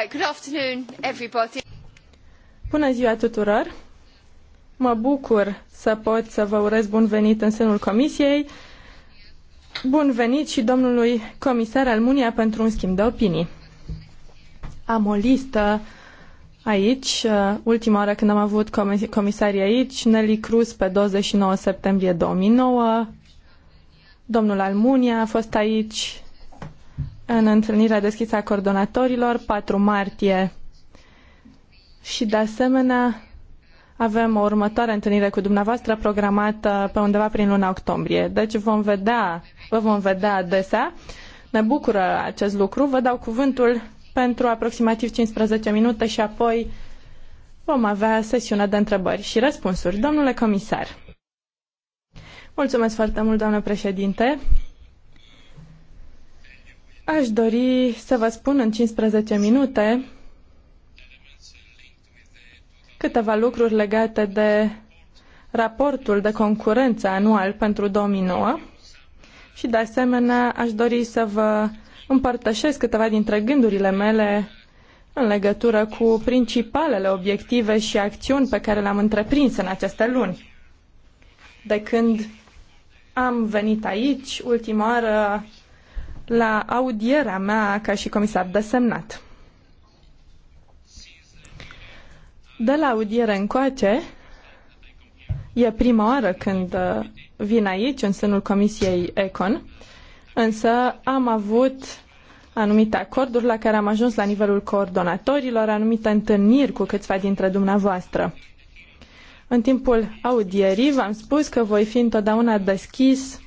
Right, good afternoon, everybody. Bună ziua tuturor! Mă bucur să pot să vă urez bun venit în sânul comisiei. Bun venit și domnului comisar Almunia pentru un schimb de opinii. Am o listă aici, uh, ultima oară când am avut comisarii aici, Nelly Cruz pe 29 septembrie 2009, domnul Almunia a fost aici în întâlnirea deschisă a coordonatorilor 4 martie. Și de asemenea avem o următoare întâlnire cu dumneavoastră programată pe undeva prin luna octombrie. Deci vom vedea, vă vom vedea adesea. Ne bucură acest lucru. Vă dau cuvântul pentru aproximativ 15 minute și apoi vom avea sesiunea de întrebări și răspunsuri. Domnule comisar. Mulțumesc foarte mult, doamnă președinte. Aș dori să vă spun în 15 minute câteva lucruri legate de raportul de concurență anual pentru 2009 și de asemenea aș dori să vă împărtășesc câteva dintre gândurile mele în legătură cu principalele obiective și acțiuni pe care le-am întreprins în aceste luni. De când am venit aici, ultima oară la audierea mea ca și comisar desemnat. De la audiere încoace, e prima oară când uh, vin aici, în sânul Comisiei Econ, însă am avut anumite acorduri la care am ajuns la nivelul coordonatorilor, anumite întâlniri cu câțiva dintre dumneavoastră. În timpul audierii v-am spus că voi fi întotdeauna deschis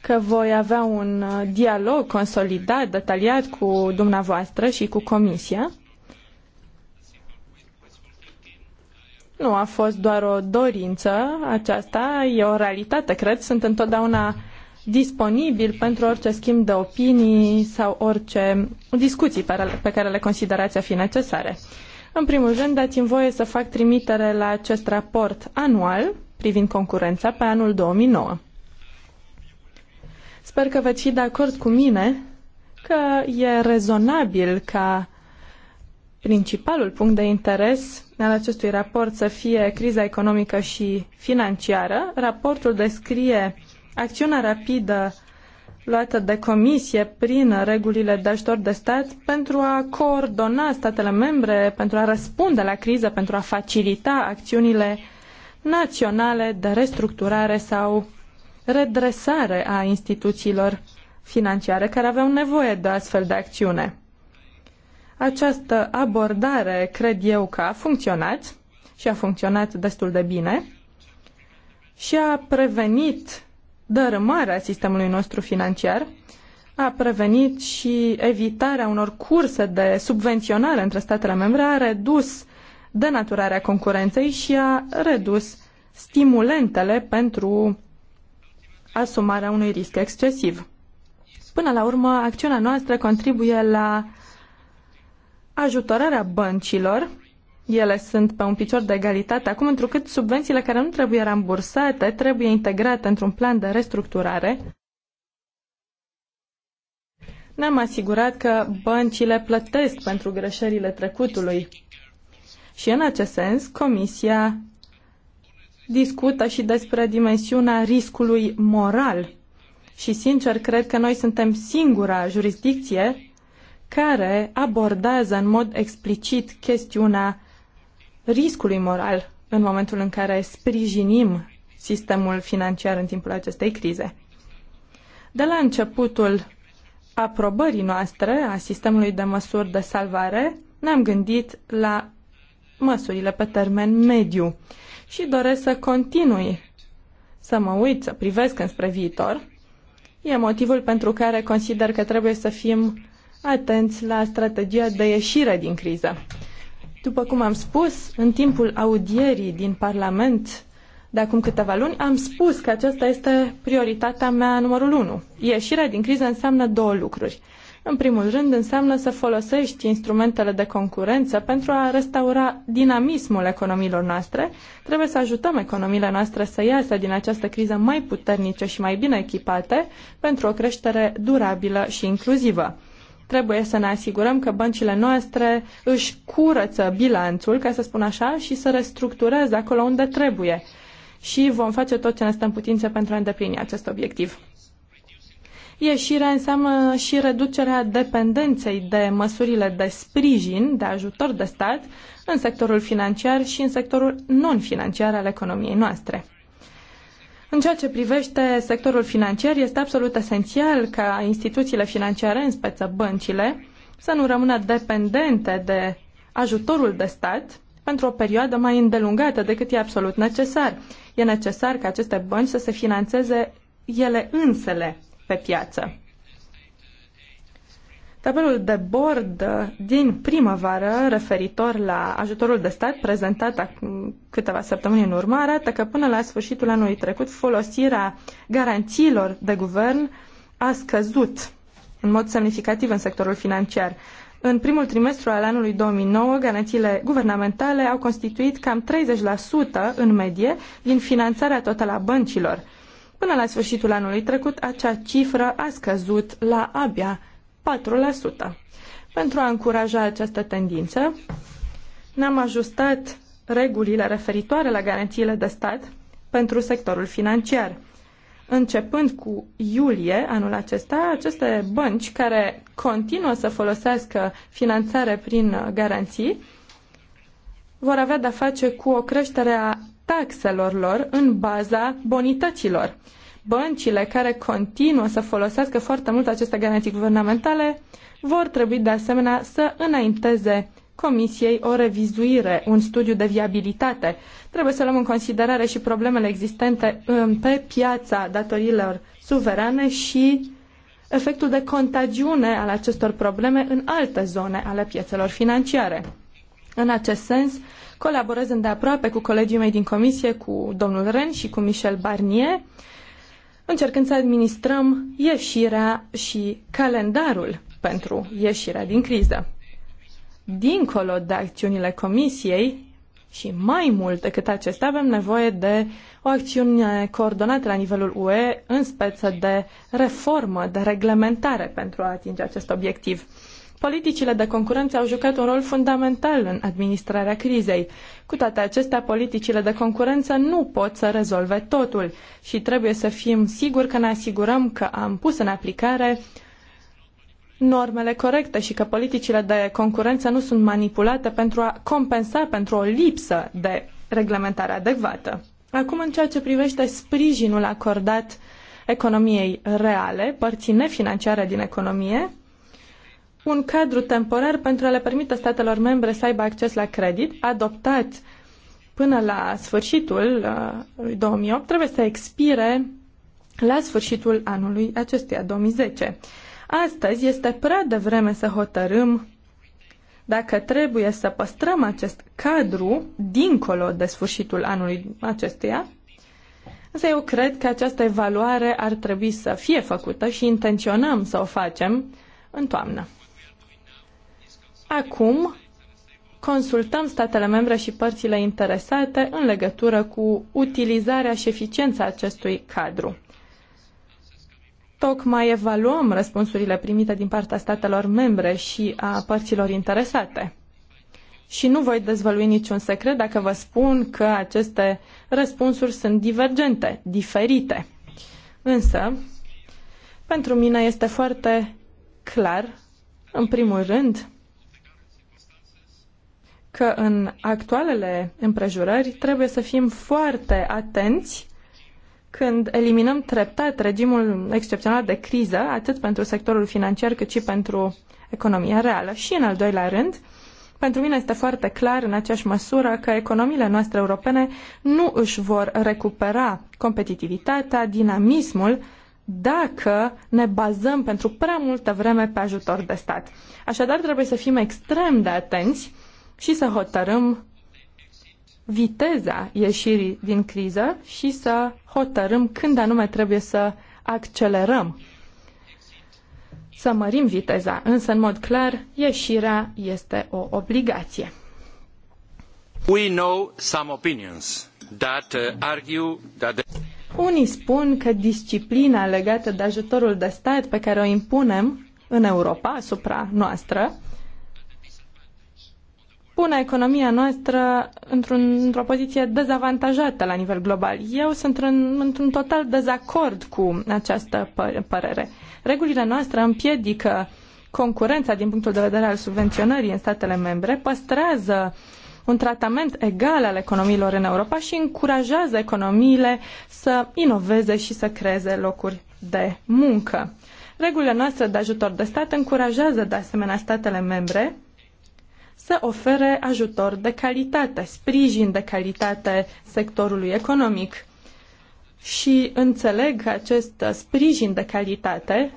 că voi avea un uh, dialog consolidat, detaliat cu dumneavoastră și cu Comisia. Nu a fost doar o dorință aceasta, e o realitate, cred. Sunt întotdeauna disponibil pentru orice schimb de opinii sau orice discuții pe care le considerați a fi necesare. În primul rând, dați-mi voie să fac trimitere la acest raport anual privind concurența pe anul 2009. Sper că veți fi de acord cu mine că e rezonabil ca principalul punct de interes al acestui raport să fie criza economică și financiară. Raportul descrie acțiunea rapidă luată de comisie prin regulile de ajutor de stat pentru a coordona statele membre, pentru a răspunde la criză, pentru a facilita acțiunile naționale de restructurare sau redresare a instituțiilor financiare care aveau nevoie de astfel de acțiune. Această abordare cred eu că a funcționat și a funcționat destul de bine și a prevenit dărâmarea sistemului nostru financiar, a prevenit și evitarea unor curse de subvenționare între statele membre, a redus denaturarea concurenței și a redus stimulentele pentru asumarea unui risc excesiv. Până la urmă, acțiunea noastră contribuie la ajutorarea băncilor. Ele sunt pe un picior de egalitate acum, întrucât subvențiile care nu trebuie rambursate trebuie integrate într-un plan de restructurare. Ne-am asigurat că băncile plătesc pentru greșelile trecutului. Și în acest sens, Comisia discută și despre dimensiunea riscului moral. Și, sincer, cred că noi suntem singura jurisdicție care abordează în mod explicit chestiunea riscului moral în momentul în care sprijinim sistemul financiar în timpul acestei crize. De la începutul aprobării noastre a sistemului de măsuri de salvare, ne-am gândit la măsurile pe termen mediu și doresc să continui să mă uit, să privesc înspre viitor. E motivul pentru care consider că trebuie să fim atenți la strategia de ieșire din criză. După cum am spus, în timpul audierii din Parlament de acum câteva luni, am spus că aceasta este prioritatea mea numărul unu. Ieșirea din criză înseamnă două lucruri. În primul rând, înseamnă să folosești instrumentele de concurență pentru a restaura dinamismul economiilor noastre. Trebuie să ajutăm economiile noastre să iasă din această criză mai puternice și mai bine echipate pentru o creștere durabilă și inclusivă trebuie să ne asigurăm că băncile noastre își curăță bilanțul, ca să spun așa, și să restructureze acolo unde trebuie. Și vom face tot ce ne stă în putință pentru a îndeplini acest obiectiv. Ieșirea înseamnă și reducerea dependenței de măsurile de sprijin, de ajutor de stat, în sectorul financiar și în sectorul non-financiar al economiei noastre. În ceea ce privește sectorul financiar, este absolut esențial ca instituțiile financiare, în speță băncile, să nu rămână dependente de ajutorul de stat pentru o perioadă mai îndelungată decât e absolut necesar. E necesar ca aceste bănci să se financeze ele însele pe piață. Tabelul de bord din primăvară referitor la ajutorul de stat prezentat câteva săptămâni în urmă arată că până la sfârșitul anului trecut folosirea garanțiilor de guvern a scăzut în mod semnificativ în sectorul financiar. În primul trimestru al anului 2009, garanțiile guvernamentale au constituit cam 30% în medie din finanțarea totală a băncilor Până la sfârșitul anului trecut, acea cifră a scăzut la abia 4%. Pentru a încuraja această tendință, ne-am ajustat regulile referitoare la garanțiile de stat pentru sectorul financiar. Începând cu iulie anul acesta, aceste bănci care continuă să folosească finanțare prin garanții vor avea de-a face cu o creștere a taxelor lor în baza bonităților. Băncile care continuă să folosească foarte mult aceste garanții guvernamentale vor trebui de asemenea să înainteze Comisiei o revizuire, un studiu de viabilitate. Trebuie să luăm în considerare și problemele existente um, pe piața datoriilor suverane și efectul de contagiune al acestor probleme în alte zone ale piețelor financiare. În acest sens, Colaborez îndeaproape cu colegii mei din comisie, cu domnul Ren și cu Michel Barnier, încercând să administrăm ieșirea și calendarul pentru ieșirea din criză. Dincolo de acțiunile comisiei, și mai mult decât acesta, avem nevoie de o acțiune coordonată la nivelul UE în speță de reformă, de reglementare pentru a atinge acest obiectiv. Politicile de concurență au jucat un rol fundamental în administrarea crizei. Cu toate acestea, politicile de concurență nu pot să rezolve totul și trebuie să fim siguri că ne asigurăm că am pus în aplicare normele corecte și că politicile de concurență nu sunt manipulate pentru a compensa pentru o lipsă de reglementare adecvată. Acum, în ceea ce privește sprijinul acordat economiei reale, părții nefinanciare din economie, un cadru temporar pentru a le permite statelor membre să aibă acces la credit, adoptat până la sfârșitul uh, lui 2008, trebuie să expire la sfârșitul anului acestuia 2010. Astăzi este prea devreme să hotărâm dacă trebuie să păstrăm acest cadru dincolo de sfârșitul anului acestuia, însă eu cred că această evaluare ar trebui să fie făcută și intenționăm să o facem în toamnă. Acum consultăm statele membre și părțile interesate în legătură cu utilizarea și eficiența acestui cadru. Tocmai evaluăm răspunsurile primite din partea statelor membre și a părților interesate. Și nu voi dezvălui niciun secret dacă vă spun că aceste răspunsuri sunt divergente, diferite. Însă, pentru mine este foarte clar, în primul rând, că în actualele împrejurări trebuie să fim foarte atenți când eliminăm treptat regimul excepțional de criză, atât pentru sectorul financiar cât și pentru economia reală. Și în al doilea rând, pentru mine este foarte clar în aceeași măsură că economiile noastre europene nu își vor recupera competitivitatea, dinamismul, dacă ne bazăm pentru prea multă vreme pe ajutor de stat. Așadar, trebuie să fim extrem de atenți și să hotărâm viteza ieșirii din criză și să hotărâm când anume trebuie să accelerăm, să mărim viteza, însă în mod clar ieșirea este o obligație. We know some opinions that uh, argue that the... Unii spun că disciplina legată de ajutorul de stat pe care o impunem în Europa asupra noastră pune economia noastră într într-o poziție dezavantajată la nivel global. Eu sunt în, într-un total dezacord cu această părere. Regulile noastre împiedică concurența din punctul de vedere al subvenționării în statele membre, păstrează un tratament egal al economiilor în Europa și încurajează economiile să inoveze și să creeze locuri de muncă. Regulile noastre de ajutor de stat încurajează de asemenea statele membre să ofere ajutor de calitate, sprijin de calitate sectorului economic. Și înțeleg că acest sprijin de calitate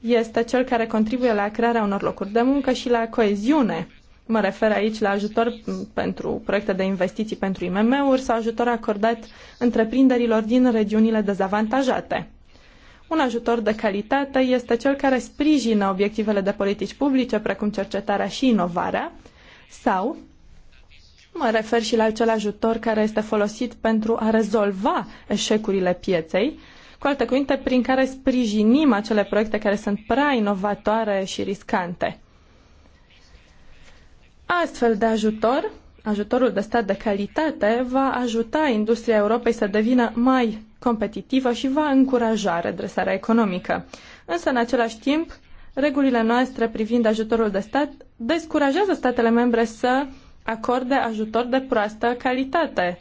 este cel care contribuie la crearea unor locuri de muncă și la coeziune. Mă refer aici la ajutor pentru proiecte de investiții pentru IMM-uri sau ajutor acordat întreprinderilor din regiunile dezavantajate. Un ajutor de calitate este cel care sprijină obiectivele de politici publice, precum cercetarea și inovarea, sau mă refer și la acel ajutor care este folosit pentru a rezolva eșecurile pieței, cu alte cuvinte, prin care sprijinim acele proiecte care sunt prea inovatoare și riscante. Astfel de ajutor ajutorul de stat de calitate va ajuta industria Europei să devină mai competitivă și va încuraja redresarea economică. Însă, în același timp, regulile noastre privind ajutorul de stat descurajează statele membre să acorde ajutor de proastă calitate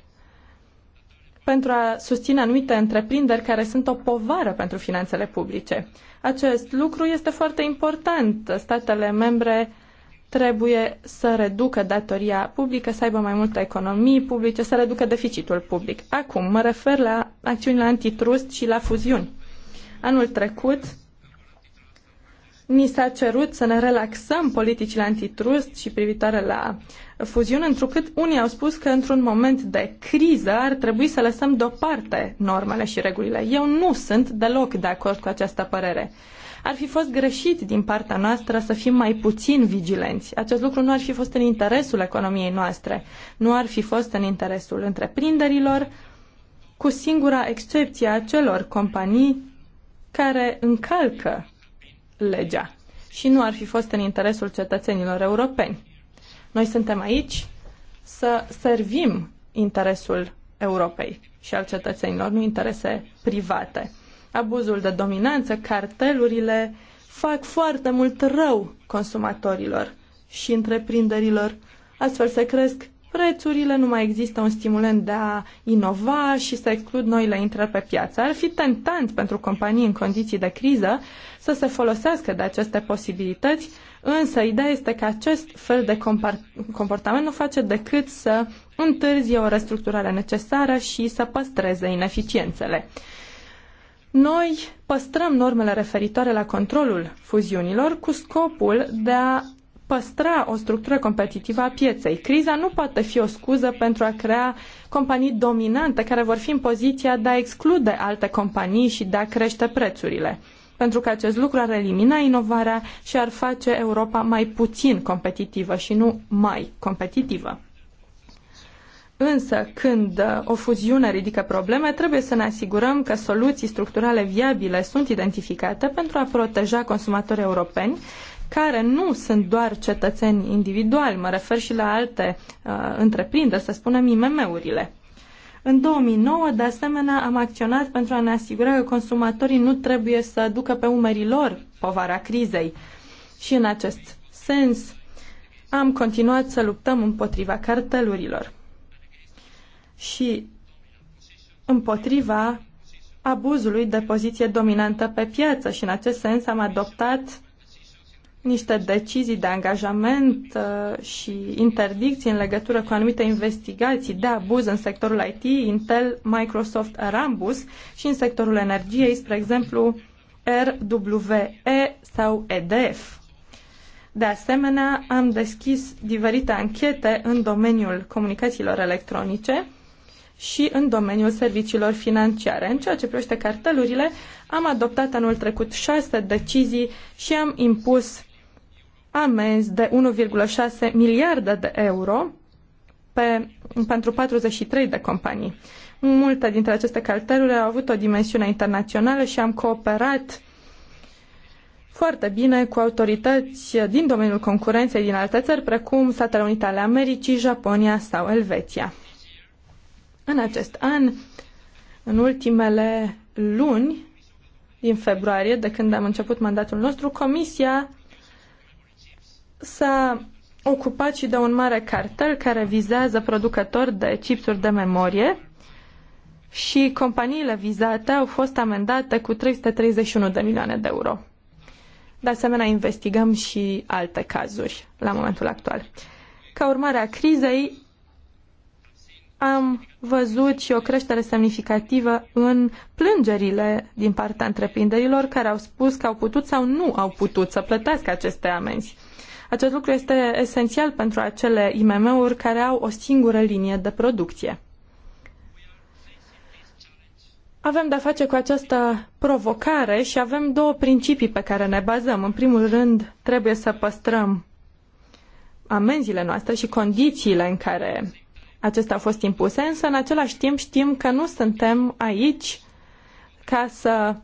pentru a susține anumite întreprinderi care sunt o povară pentru finanțele publice. Acest lucru este foarte important. Statele membre trebuie să reducă datoria publică, să aibă mai multe economii publice, să reducă deficitul public. Acum, mă refer la acțiunile antitrust și la fuziuni. Anul trecut, ni s-a cerut să ne relaxăm politicile antitrust și privitoare la fuziune, întrucât unii au spus că într-un moment de criză ar trebui să lăsăm deoparte normele și regulile. Eu nu sunt deloc de acord cu această părere. Ar fi fost greșit din partea noastră să fim mai puțin vigilenți. Acest lucru nu ar fi fost în interesul economiei noastre, nu ar fi fost în interesul întreprinderilor, cu singura excepție a celor companii care încalcă legea și nu ar fi fost în interesul cetățenilor europeni. Noi suntem aici să servim interesul Europei și al cetățenilor, nu interese private abuzul de dominanță, cartelurile fac foarte mult rău consumatorilor și întreprinderilor. Astfel se cresc prețurile, nu mai există un stimulent de a inova și să exclud noile intrări pe piață. Ar fi tentant pentru companii în condiții de criză să se folosească de aceste posibilități, însă ideea este că acest fel de comportament nu face decât să întârzie o restructurare necesară și să păstreze ineficiențele. Noi păstrăm normele referitoare la controlul fuziunilor cu scopul de a păstra o structură competitivă a pieței. Criza nu poate fi o scuză pentru a crea companii dominante care vor fi în poziția de a exclude alte companii și de a crește prețurile. Pentru că acest lucru ar elimina inovarea și ar face Europa mai puțin competitivă și nu mai competitivă. Însă, când uh, o fuziune ridică probleme, trebuie să ne asigurăm că soluții structurale viabile sunt identificate pentru a proteja consumatorii europeni care nu sunt doar cetățeni individuali, mă refer și la alte uh, întreprinderi, să spunem IMM-urile. În 2009, de asemenea, am acționat pentru a ne asigura că consumatorii nu trebuie să ducă pe umerii lor povara crizei. Și în acest sens, am continuat să luptăm împotriva cartelurilor și împotriva abuzului de poziție dominantă pe piață și în acest sens am adoptat niște decizii de angajament uh, și interdicții în legătură cu anumite investigații de abuz în sectorul IT, Intel, Microsoft, Rambus și în sectorul energiei, spre exemplu RWE sau EDF. De asemenea, am deschis diferite anchete în domeniul comunicațiilor electronice și în domeniul serviciilor financiare. În ceea ce privește cartelurile, am adoptat anul trecut șase decizii și am impus amenzi de 1,6 miliarde de euro pe, pentru 43 de companii. Multe dintre aceste carteluri au avut o dimensiune internațională și am cooperat foarte bine cu autorități din domeniul concurenței din alte țări, precum Statele Unite ale Americii, Japonia sau Elveția. În acest an, în ultimele luni din februarie, de când am început mandatul nostru, Comisia s-a ocupat și de un mare cartel care vizează producători de chipsuri de memorie și companiile vizate au fost amendate cu 331 de milioane de euro. De asemenea, investigăm și alte cazuri la momentul actual. Ca urmare a crizei, am văzut și o creștere semnificativă în plângerile din partea întreprinderilor care au spus că au putut sau nu au putut să plătească aceste amenzi. Acest lucru este esențial pentru acele IMM-uri care au o singură linie de producție. Avem de-a face cu această provocare și avem două principii pe care ne bazăm. În primul rând, trebuie să păstrăm amenziile noastre și condițiile în care acestea au fost impuse, însă în același timp știm că nu suntem aici ca să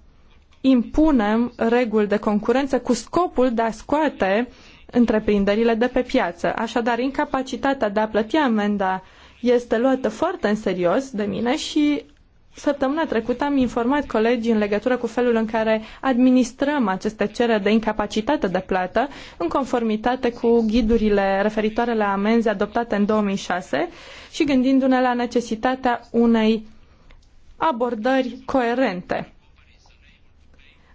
impunem reguli de concurență cu scopul de a scoate întreprinderile de pe piață. Așadar, incapacitatea de a plăti amenda este luată foarte în serios de mine și Săptămâna trecută am informat colegii în legătură cu felul în care administrăm aceste cereri de incapacitate de plată în conformitate cu ghidurile referitoare la amenzi adoptate în 2006 și gândindu-ne la necesitatea unei abordări coerente.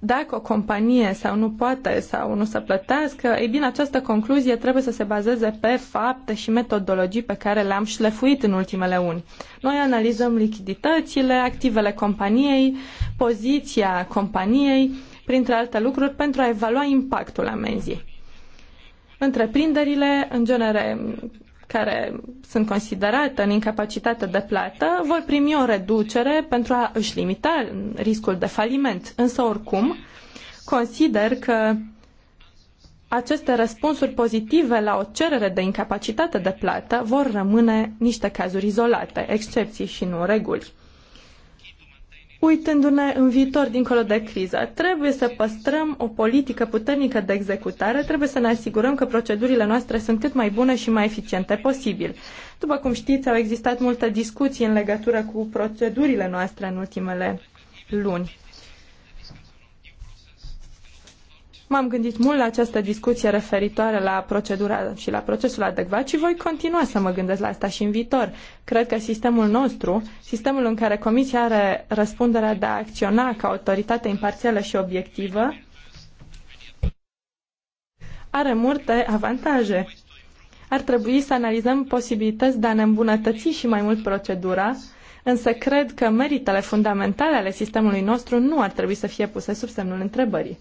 Dacă o companie sau nu poate sau nu să plătească, ei bine, această concluzie trebuie să se bazeze pe fapte și metodologii pe care le-am șlefuit în ultimele luni. Noi analizăm lichiditățile, activele companiei, poziția companiei, printre alte lucruri, pentru a evalua impactul amenzii întreprinderile, în genere care sunt considerate în incapacitate de plată vor primi o reducere pentru a își limita riscul de faliment. Însă, oricum, consider că aceste răspunsuri pozitive la o cerere de incapacitate de plată vor rămâne niște cazuri izolate, excepții și nu reguli uitându-ne în viitor dincolo de criză. Trebuie să păstrăm o politică puternică de executare, trebuie să ne asigurăm că procedurile noastre sunt cât mai bune și mai eficiente posibil. După cum știți, au existat multe discuții în legătură cu procedurile noastre în ultimele luni. M-am gândit mult la această discuție referitoare la procedura și la procesul adecvat și voi continua să mă gândesc la asta și în viitor. Cred că sistemul nostru, sistemul în care Comisia are răspunderea de a acționa ca autoritate imparțială și obiectivă, are multe avantaje. Ar trebui să analizăm posibilități de a ne îmbunătăți și mai mult procedura, însă cred că meritele fundamentale ale sistemului nostru nu ar trebui să fie puse sub semnul întrebării.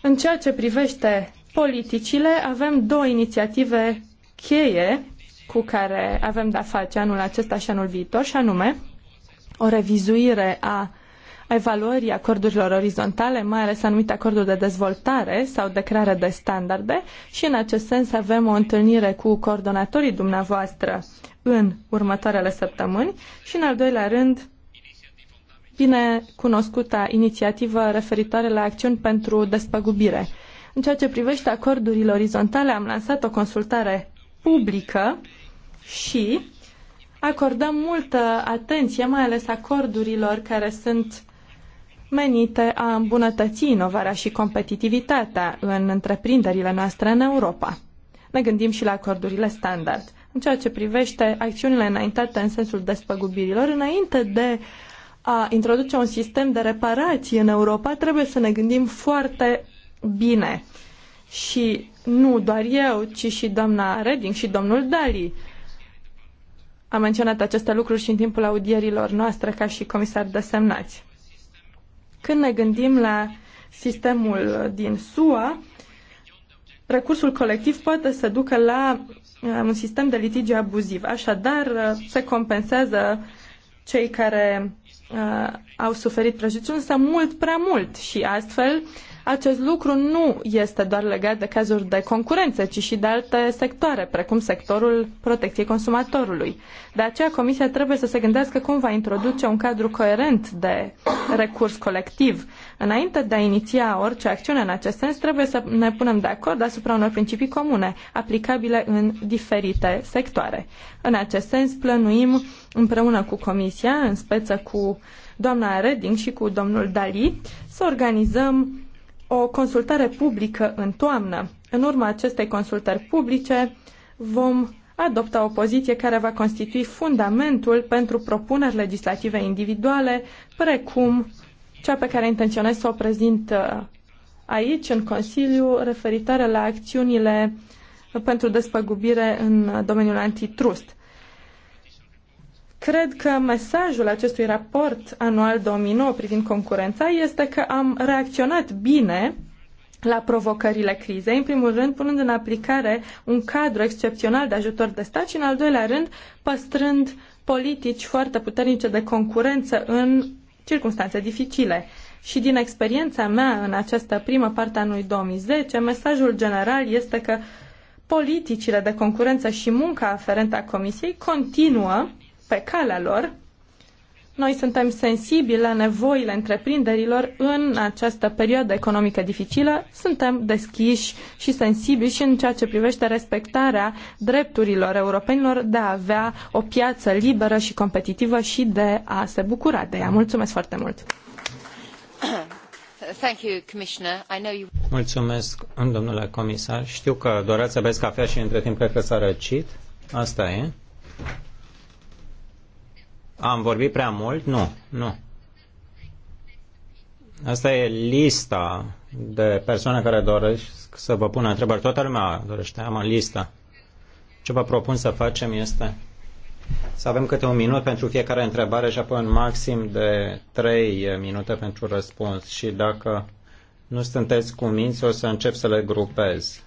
În ceea ce privește politicile, avem două inițiative cheie cu care avem de-a face anul acesta și anul viitor, și anume o revizuire a evaluării acordurilor orizontale, mai ales anumite acorduri de dezvoltare sau de creare de standarde și în acest sens avem o întâlnire cu coordonatorii dumneavoastră în următoarele săptămâni și în al doilea rând bine cunoscuta inițiativă referitoare la acțiuni pentru despăgubire. În ceea ce privește acordurile orizontale, am lansat o consultare publică și acordăm multă atenție, mai ales acordurilor care sunt menite a îmbunătăți inovarea și competitivitatea în întreprinderile noastre în Europa. Ne gândim și la acordurile standard. În ceea ce privește acțiunile înaintate în sensul despăgubirilor, înainte de uh, a introduce un sistem de reparații în Europa, trebuie să ne gândim foarte bine. Și nu doar eu, ci și doamna Reding și domnul Dali a menționat aceste lucruri și în timpul audierilor noastre ca și de semnați. Când ne gândim la sistemul din SUA, recursul colectiv poate să ducă la uh, un sistem de litigi abuziv. Așadar, uh, se compensează cei care Uh, au suferit prejudiciul, însă mult prea mult și astfel acest lucru nu este doar legat de cazuri de concurență, ci și de alte sectoare, precum sectorul protecției consumatorului. De aceea, Comisia trebuie să se gândească cum va introduce un cadru coerent de recurs colectiv. Înainte de a iniția orice acțiune în acest sens, trebuie să ne punem de acord asupra unor principii comune, aplicabile în diferite sectoare. În acest sens, plănuim împreună cu Comisia, în speță cu doamna Reding și cu domnul Dali, să organizăm o consultare publică în toamnă. În urma acestei consultări publice vom adopta o poziție care va constitui fundamentul pentru propuneri legislative individuale, precum cea pe care intenționez să o prezint uh, aici, în Consiliu, referitoare la acțiunile pentru despăgubire în domeniul antitrust. Cred că mesajul acestui raport anual 2009 privind concurența este că am reacționat bine la provocările crizei, în primul rând punând în aplicare un cadru excepțional de ajutor de stat și în al doilea rând păstrând politici foarte puternice de concurență în circunstanțe dificile. Și din experiența mea în această primă parte a anului 2010, mesajul general este că politicile de concurență și munca aferentă a Comisiei continuă pe calea lor. Noi suntem sensibili la nevoile întreprinderilor în această perioadă economică dificilă, suntem deschiși și sensibili și în ceea ce privește respectarea drepturilor europenilor de a avea o piață liberă și competitivă și de a se bucura de ea. Mulțumesc foarte mult! Mulțumesc, domnule comisar. Știu că doreați să beți cafea și între timp cred că s-a răcit. Asta e. Am vorbit prea mult? Nu, nu. Asta e lista de persoane care doresc să vă pună întrebări. Toată lumea dorește, am o listă. Ce vă propun să facem este să avem câte un minut pentru fiecare întrebare și apoi un maxim de trei minute pentru răspuns. Și dacă nu sunteți minți, o să încep să le grupez.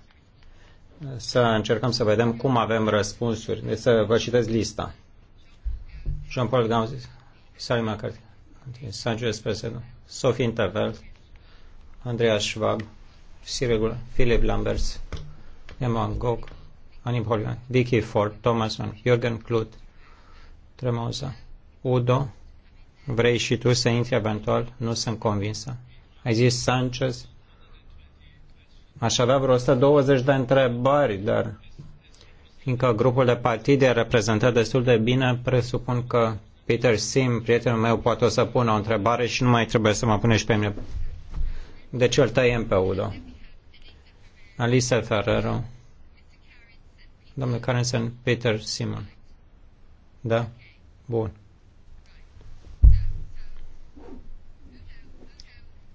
Să încercăm să vedem cum avem răspunsuri. Deci să vă citesc lista. Jean-Paul Gauzis, Sally McCarthy, Sanchez Espresso, Sophie Interveld, Andreas Schwab, Siregula, Philip Lambers, Emma Gog, Anim Holian, Vicky Ford, Thomason, Jürgen Kluth, Tremosa, Udo, vrei și tu să intri eventual? Nu sunt convinsă. Ai zis Sanchez? Aș avea vreo 120 de întrebări, dar fiindcă grupul de partide reprezentat destul de bine, presupun că Peter Sim, prietenul meu, poate o să pună o întrebare și nu mai trebuie să mă pune și pe mine. De deci ce îl tăiem pe Udo. Alisa Ferrero. Domnul Carensen, Peter Simon. Da? Bun.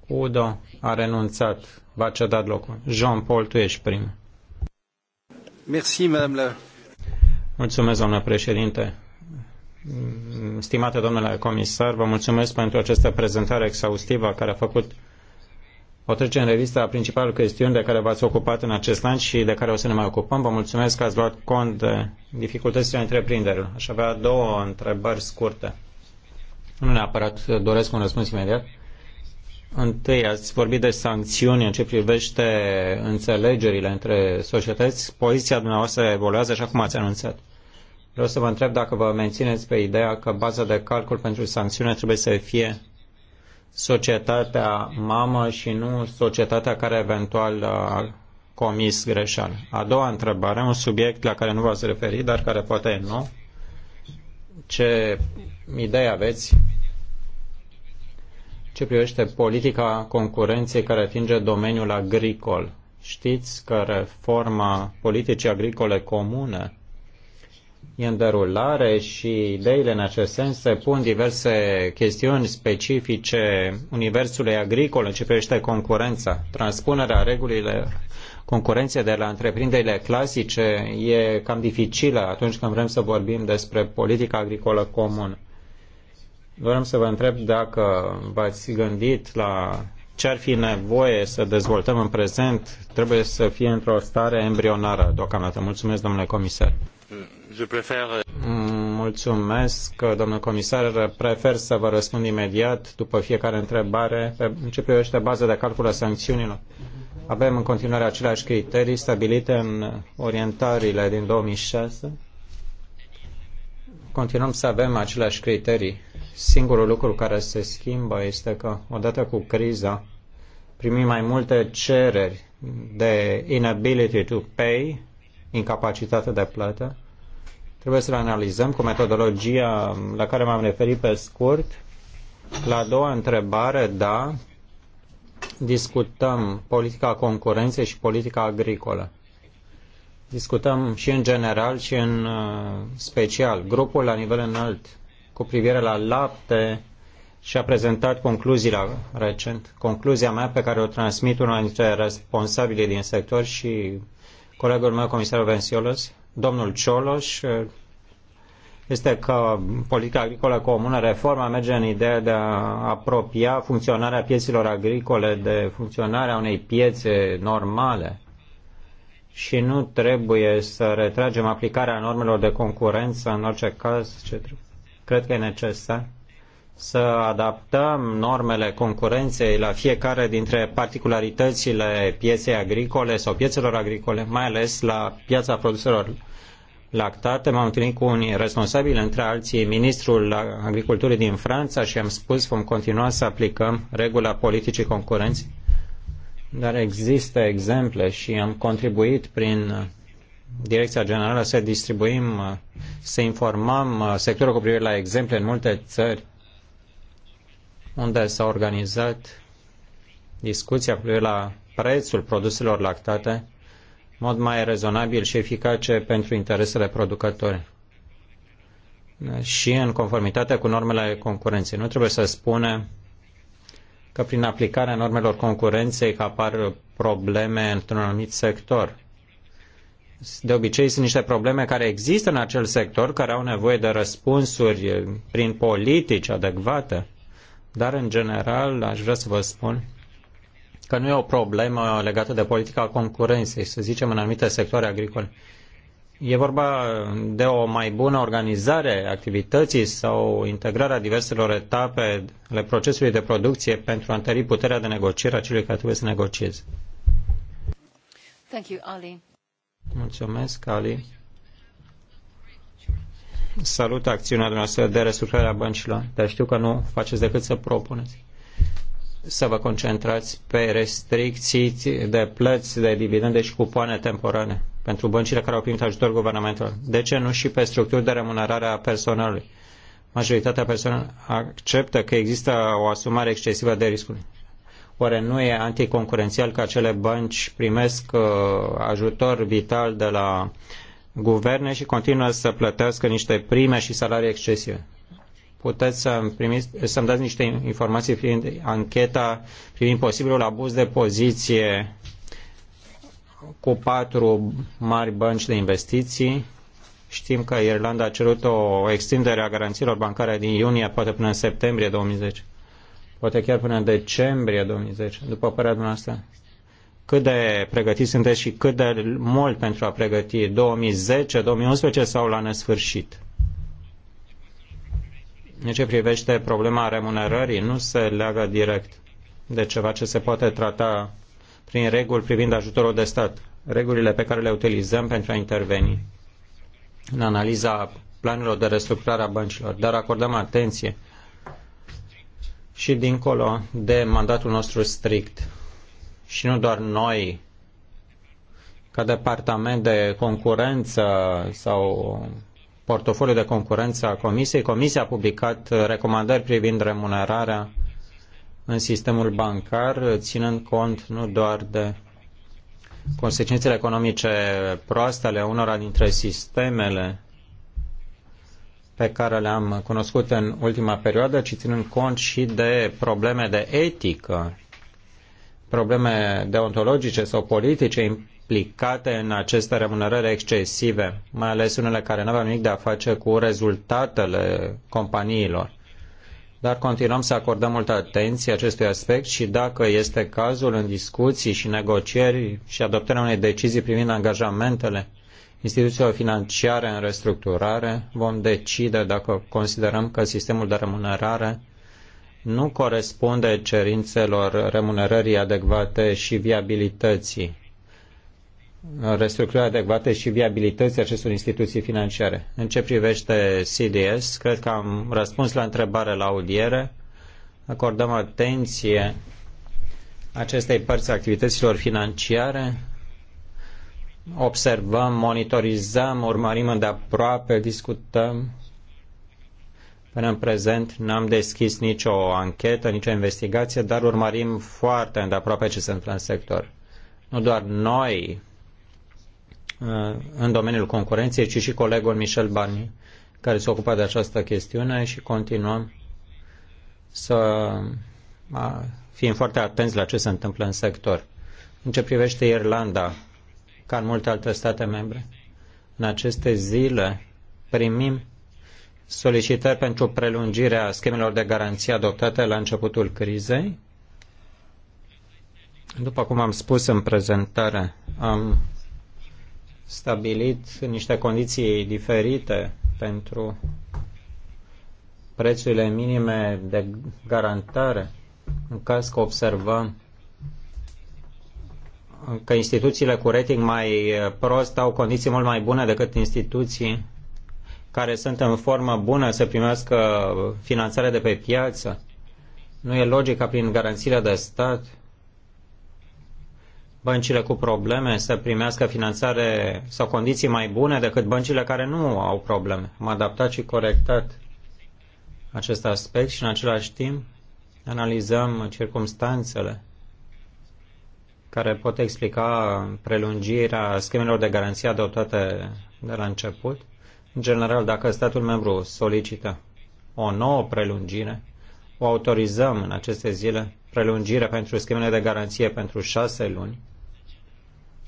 Udo a renunțat, v-a cedat locul. Jean-Paul, tu ești primul. Merci, Madame la... Mulțumesc, doamnă președinte. Stimate domnule comisar, vă mulțumesc pentru această prezentare exhaustivă care a făcut o trece în revistă a principalelor chestiuni de care v-ați ocupat în acest an și de care o să ne mai ocupăm. Vă mulțumesc că ați luat cont de dificultățile întreprinderilor. Aș avea două întrebări scurte. Nu neapărat doresc un răspuns imediat. Întâi, ați vorbit de sancțiuni în ce privește înțelegerile între societăți. Poziția dumneavoastră evoluează așa cum ați anunțat. Vreau să vă întreb dacă vă mențineți pe ideea că baza de calcul pentru sancțiune trebuie să fie societatea mamă și nu societatea care eventual a uh, comis greșeală. A doua întrebare, un subiect la care nu v-ați referit, dar care poate e nou. Ce idei aveți ce privește politica concurenței care atinge domeniul agricol. Știți că reforma politicii agricole comune e în derulare și ideile în acest sens se pun diverse chestiuni specifice universului agricol în ce privește concurența. Transpunerea regulilor concurenței de la întreprinderile clasice e cam dificilă atunci când vrem să vorbim despre politica agricolă comună. Vreau să vă întreb dacă v-ați gândit la ce ar fi nevoie să dezvoltăm în prezent, trebuie să fie într-o stare embrionară deocamdată. Mulțumesc, domnule comisar. Prefer... Mulțumesc, domnule comisar. Prefer să vă răspund imediat după fiecare întrebare. În ce privește baza de calcul a sancțiunilor, avem în continuare aceleași criterii stabilite în orientările din 2006. Continuăm să avem aceleași criterii Singurul lucru care se schimbă este că, odată cu criza, primim mai multe cereri de inability to pay, incapacitate de plată. Trebuie să le analizăm cu metodologia la care m-am referit pe scurt. La a doua întrebare, da, discutăm politica concurenței și politica agricolă. Discutăm și în general și în uh, special. Grupul la nivel înalt cu privire la lapte și a prezentat concluziile recent. Concluzia mea pe care o transmit unul dintre responsabilii din sector și colegul meu, comisarul Vensiolos, domnul Cioloș, este că politica agricolă comună, reforma merge în ideea de a apropia funcționarea pieților agricole de funcționarea unei piețe normale și nu trebuie să retragem aplicarea normelor de concurență în orice caz, ce trebuie. Cred că e necesar să adaptăm normele concurenței la fiecare dintre particularitățile pieței agricole sau piețelor agricole, mai ales la piața produselor lactate. M-am întâlnit cu unii responsabili, între alții ministrul agriculturii din Franța și am spus vom continua să aplicăm regula politicii concurenței. Dar există exemple și am contribuit prin Direcția Generală să distribuim, uh, să informăm uh, sectorul cu privire la exemple în multe țări unde s-a organizat discuția cu privire la prețul produselor lactate în mod mai rezonabil și eficace pentru interesele producători și în conformitate cu normele concurenței. Nu trebuie să spunem că prin aplicarea normelor concurenței că apar probleme într-un anumit sector. De obicei sunt niște probleme care există în acel sector, care au nevoie de răspunsuri prin politici adecvate. Dar, în general, aș vrea să vă spun că nu e o problemă legată de politica concurenței, să zicem, în anumite sectoare agricole. E vorba de o mai bună organizare activității sau integrarea diverselor etape ale procesului de producție pentru a întări puterea de negociere a celui care trebuie să negocieze. Thank you, Ali. Mulțumesc, Ali. Salut acțiunea dumneavoastră de resurcare a băncilor, dar știu că nu faceți decât să propuneți să vă concentrați pe restricții de plăți de dividende și cupoane temporane pentru băncile care au primit ajutor guvernamental. De ce nu și pe structuri de remunerare a personalului? Majoritatea persoanelor acceptă că există o asumare excesivă de riscuri. Oare nu e anticoncurențial că acele bănci primesc uh, ajutor vital de la guverne și continuă să plătească niște prime și salarii excesive? Puteți să-mi, primiți, să-mi dați niște informații privind ancheta privind posibilul abuz de poziție cu patru mari bănci de investiții. Știm că Irlanda a cerut o extindere a garanțiilor bancare din iunie, poate până în septembrie 2010 poate chiar până în decembrie 2010, după părerea dumneavoastră, Cât de pregătiți sunteți și cât de mult pentru a pregăti 2010, 2011 sau la nesfârșit? În ce privește problema remunerării, nu se leagă direct de ceva ce se poate trata prin reguli privind ajutorul de stat, regulile pe care le utilizăm pentru a interveni în analiza planurilor de restructurare a băncilor, dar acordăm atenție și dincolo de mandatul nostru strict. Și nu doar noi, ca departament de concurență sau portofoliu de concurență a Comisiei, Comisia a publicat recomandări privind remunerarea în sistemul bancar, ținând cont nu doar de consecințele economice proaste ale unora dintre sistemele pe care le-am cunoscut în ultima perioadă, ci ținând cont și de probleme de etică, probleme deontologice sau politice implicate în aceste remunerări excesive, mai ales unele care nu aveau nimic de a face cu rezultatele companiilor. Dar continuăm să acordăm multă atenție acestui aspect și dacă este cazul în discuții și negocieri și adoptarea unei decizii privind angajamentele instituțiilor financiare în restructurare, vom decide dacă considerăm că sistemul de remunerare nu corespunde cerințelor remunerării adecvate și viabilității Restructurarea adecvate și viabilității acestor instituții financiare. În ce privește CDS, cred că am răspuns la întrebare la audiere. Acordăm atenție acestei părți activităților financiare observăm, monitorizăm, urmărim îndeaproape, discutăm. Până în prezent n-am deschis nicio anchetă, nicio investigație, dar urmărim foarte îndeaproape ce se întâmplă în sector. Nu doar noi uh, în domeniul concurenței, ci și colegul Michel Barni, care se ocupa de această chestiune și continuăm să uh, fim foarte atenți la ce se întâmplă în sector. În ce privește Irlanda, ca în multe alte state membre. În aceste zile primim solicitări pentru prelungirea schemelor de garanție adoptate la începutul crizei. După cum am spus în prezentare, am stabilit niște condiții diferite pentru prețurile minime de garantare în caz că observăm că instituțiile cu rating mai uh, prost au condiții mult mai bune decât instituții care sunt în formă bună să primească finanțare de pe piață. Nu e logic prin garanțiile de stat băncile cu probleme să primească finanțare sau condiții mai bune decât băncile care nu au probleme. Am adaptat și corectat acest aspect și în același timp analizăm circumstanțele care pot explica prelungirea schemelor de garanție adoptate de la început. În general, dacă statul membru solicită o nouă prelungire, o autorizăm în aceste zile, prelungire pentru schemele de garanție pentru șase luni.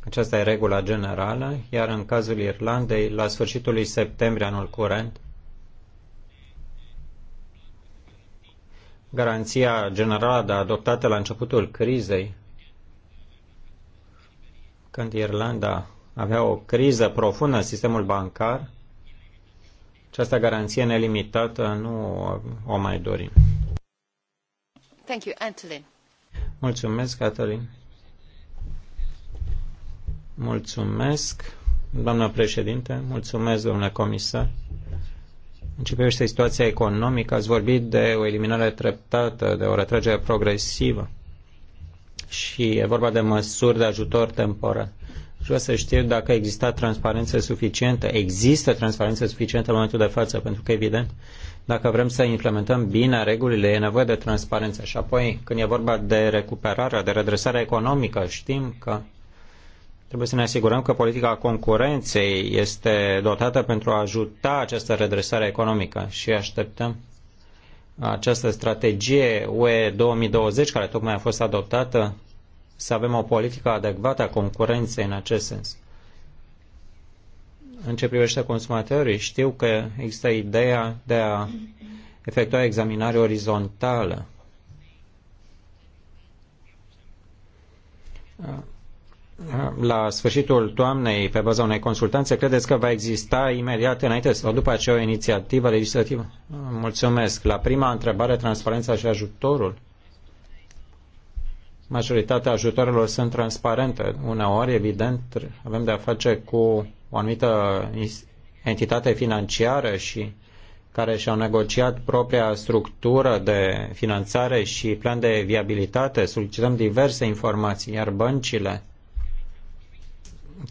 Aceasta e regula generală, iar în cazul Irlandei, la sfârșitul lui septembrie anul curent, garanția generală adoptată la începutul crizei când Irlanda avea o criză profundă în sistemul bancar, această garanție nelimitată nu o mai dorim. Thank you, Antolin. Mulțumesc, Catalin. Mulțumesc, doamnă președinte, mulțumesc, domnule comisar. Începește situația economică, ați vorbit de o eliminare treptată, de o retragere progresivă și e vorba de măsuri de ajutor temporar. Și vreau să știu dacă exista transparență suficientă, există transparență suficientă în momentul de față, pentru că, evident, dacă vrem să implementăm bine regulile, e nevoie de transparență. Și apoi, când e vorba de recuperarea, de redresarea economică, știm că trebuie să ne asigurăm că politica concurenței este dotată pentru a ajuta această redresare economică și așteptăm această strategie UE 2020, care tocmai a fost adoptată, să avem o politică adecvată a concurenței în acest sens. În ce privește consumatorii, știu că există ideea de a efectua examinare orizontală la sfârșitul toamnei, pe baza unei consultanțe, credeți că va exista imediat înainte sau după aceea o inițiativă legislativă? Mulțumesc. La prima întrebare, transparența și ajutorul. Majoritatea ajutoarelor sunt transparente. Uneori, evident, avem de a face cu o anumită entitate financiară și care și-au negociat propria structură de finanțare și plan de viabilitate, solicităm diverse informații, iar băncile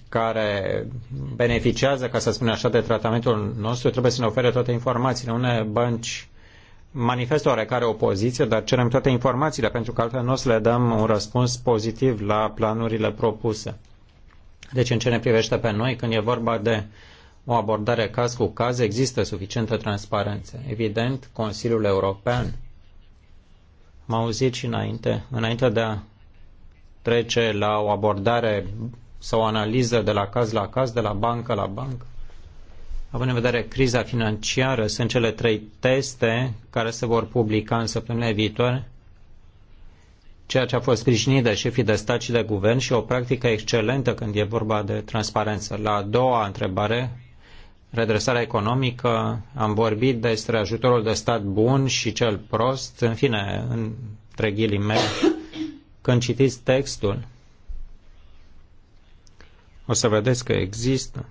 care beneficiază, ca să spun așa, de tratamentul nostru, trebuie să ne ofere toate informațiile. Unele bănci manifestă oarecare opoziție, dar cerem toate informațiile, pentru că altfel nu o să le dăm un răspuns pozitiv la planurile propuse. Deci, în ce ne privește pe noi, când e vorba de o abordare caz cu caz, există suficientă transparență. Evident, Consiliul European m-a auzit și înainte, înainte de a trece la o abordare sau o analiză de la caz la caz, de la bancă la bancă. Având în vedere criza financiară, sunt cele trei teste care se vor publica în săptămâna viitoare, ceea ce a fost sprijinit de șefii de stat și de guvern și o practică excelentă când e vorba de transparență. La a doua întrebare, redresarea economică, am vorbit despre ajutorul de stat bun și cel prost, în fine, între ghilimele, când citiți textul, o să vedeți că există.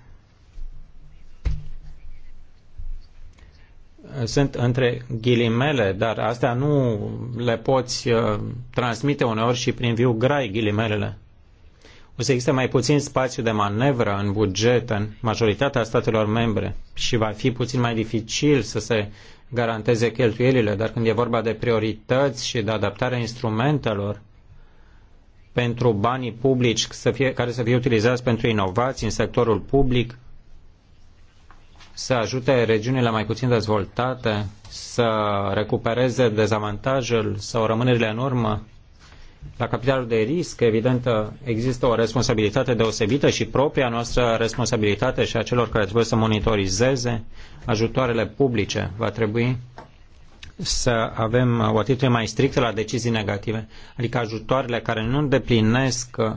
Sunt între ghilimele, dar astea nu le poți uh, transmite uneori și prin viu ghilimelele. O să existe mai puțin spațiu de manevră în buget în majoritatea statelor membre și va fi puțin mai dificil să se garanteze cheltuielile, dar când e vorba de priorități și de adaptarea instrumentelor, pentru banii publici să fie, care să fie utilizați pentru inovații în sectorul public, să ajute regiunile mai puțin dezvoltate, să recupereze dezavantajul sau rămânerile în urmă. La capitalul de risc, evident, există o responsabilitate deosebită și propria noastră responsabilitate și a celor care trebuie să monitorizeze ajutoarele publice. Va trebui să avem o atitudine mai strictă la decizii negative, adică ajutoarele care nu îndeplinesc uh,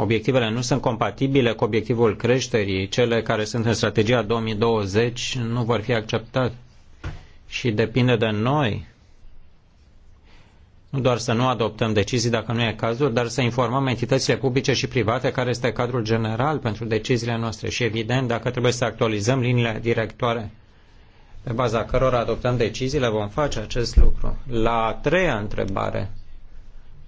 obiectivele nu sunt compatibile cu obiectivul creșterii, cele care sunt în strategia 2020 nu vor fi acceptate și depinde de noi nu doar să nu adoptăm decizii dacă nu e cazul, dar să informăm entitățile publice și private care este cadrul general pentru deciziile noastre și, evident, dacă trebuie să actualizăm liniile directoare pe baza cărora adoptăm deciziile, vom face acest lucru. La a treia întrebare,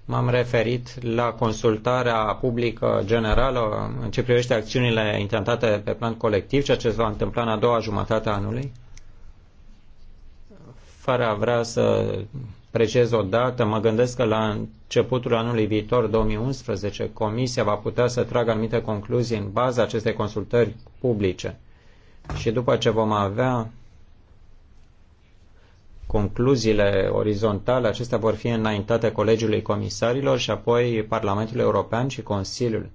m-am referit la consultarea publică generală în ce privește acțiunile intentate pe plan colectiv, ceea ce se va întâmpla în a doua jumătate a anului, fără a vrea să precez o dată, mă gândesc că la începutul anului viitor, 2011, Comisia va putea să tragă anumite concluzii în baza acestei consultări publice. Și după ce vom avea Concluziile orizontale acestea vor fi înaintate Colegiului Comisarilor și apoi Parlamentul European și Consiliul.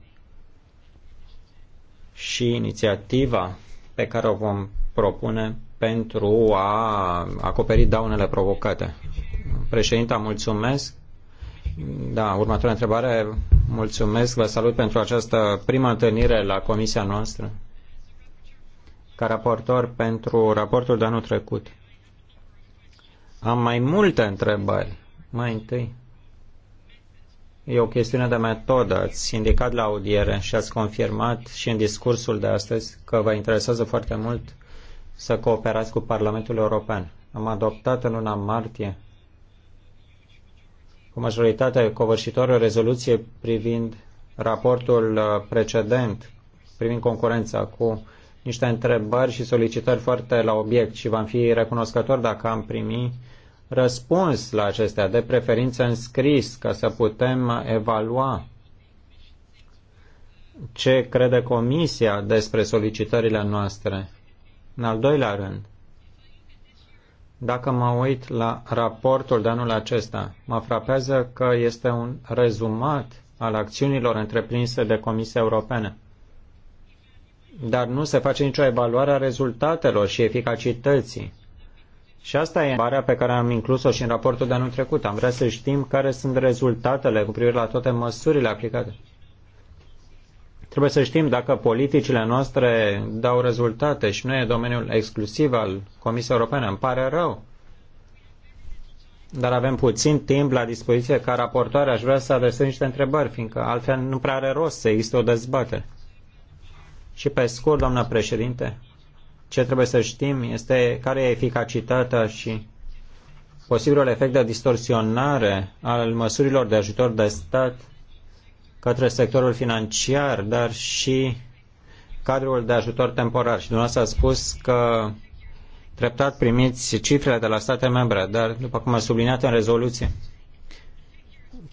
Și inițiativa pe care o vom propune pentru a acoperi daunele provocate. Președinte, mulțumesc. Da, următoarea întrebare. Mulțumesc, vă salut pentru această prima întâlnire la comisia noastră ca raportor pentru raportul de anul trecut. Am mai multe întrebări. Mai întâi. E o chestiune de metodă. Ați indicat la audiere și ați confirmat și în discursul de astăzi că vă interesează foarte mult să cooperați cu Parlamentul European. Am adoptat în luna martie cu majoritatea covârșitoare o rezoluție privind raportul uh, precedent, privind concurența cu niște întrebări și solicitări foarte la obiect și v-am fi recunoscător dacă am primit răspuns la acestea, de preferință în scris, ca să putem evalua ce crede Comisia despre solicitările noastre. În al doilea rând, dacă mă uit la raportul de anul acesta, mă frapează că este un rezumat al acțiunilor întreprinse de Comisia Europeană. Dar nu se face nicio evaluare a rezultatelor și eficacității. Și asta e întrebarea pe care am inclus-o și în raportul de anul trecut. Am vrea să știm care sunt rezultatele cu privire la toate măsurile aplicate. Trebuie să știm dacă politicile noastre dau rezultate și nu e domeniul exclusiv al Comisiei Europene. Îmi pare rău. Dar avem puțin timp la dispoziție ca raportoare. Aș vrea să adresez niște întrebări, fiindcă altfel nu prea are rost să există o dezbatere. Și pe scurt, doamna președinte, ce trebuie să știm este care e eficacitatea și posibilul efect de distorsionare al măsurilor de ajutor de stat către sectorul financiar, dar și cadrul de ajutor temporar. Și dumneavoastră a spus că treptat primiți cifrele de la state membre, dar după cum a subliniat în rezoluție,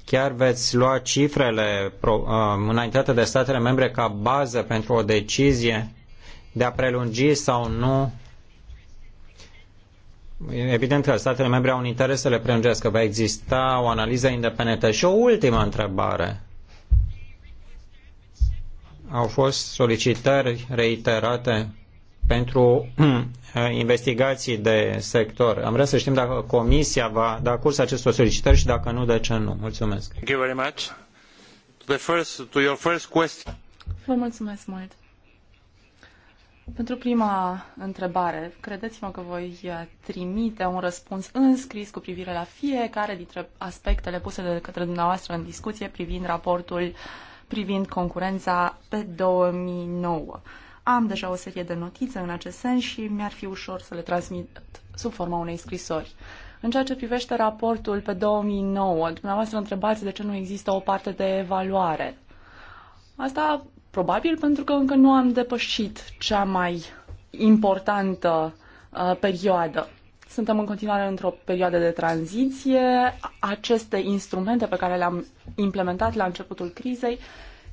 chiar veți lua cifrele uh, înaintate de statele membre ca bază pentru o decizie de a prelungi sau nu Evident că statele membre au un interes să le prelungească. Va exista o analiză independentă. Și o ultimă întrebare. Au fost solicitări reiterate pentru investigații de sector. Am vrea să știm dacă Comisia va da curs acestor solicitări și dacă nu, de ce nu. Mulțumesc. Thank you very much. The first, to your first question. Vă mulțumesc mult. Pentru prima întrebare, credeți-mă că voi uh, trimite un răspuns înscris cu privire la fiecare dintre aspectele puse de către dumneavoastră în discuție privind raportul privind concurența pe 2009. Am deja o serie de notițe în acest sens și mi-ar fi ușor să le transmit sub forma unei scrisori. În ceea ce privește raportul pe 2009, dumneavoastră întrebați de ce nu există o parte de evaluare. Asta Probabil pentru că încă nu am depășit cea mai importantă uh, perioadă. Suntem în continuare într-o perioadă de tranziție. Aceste instrumente pe care le-am implementat la începutul crizei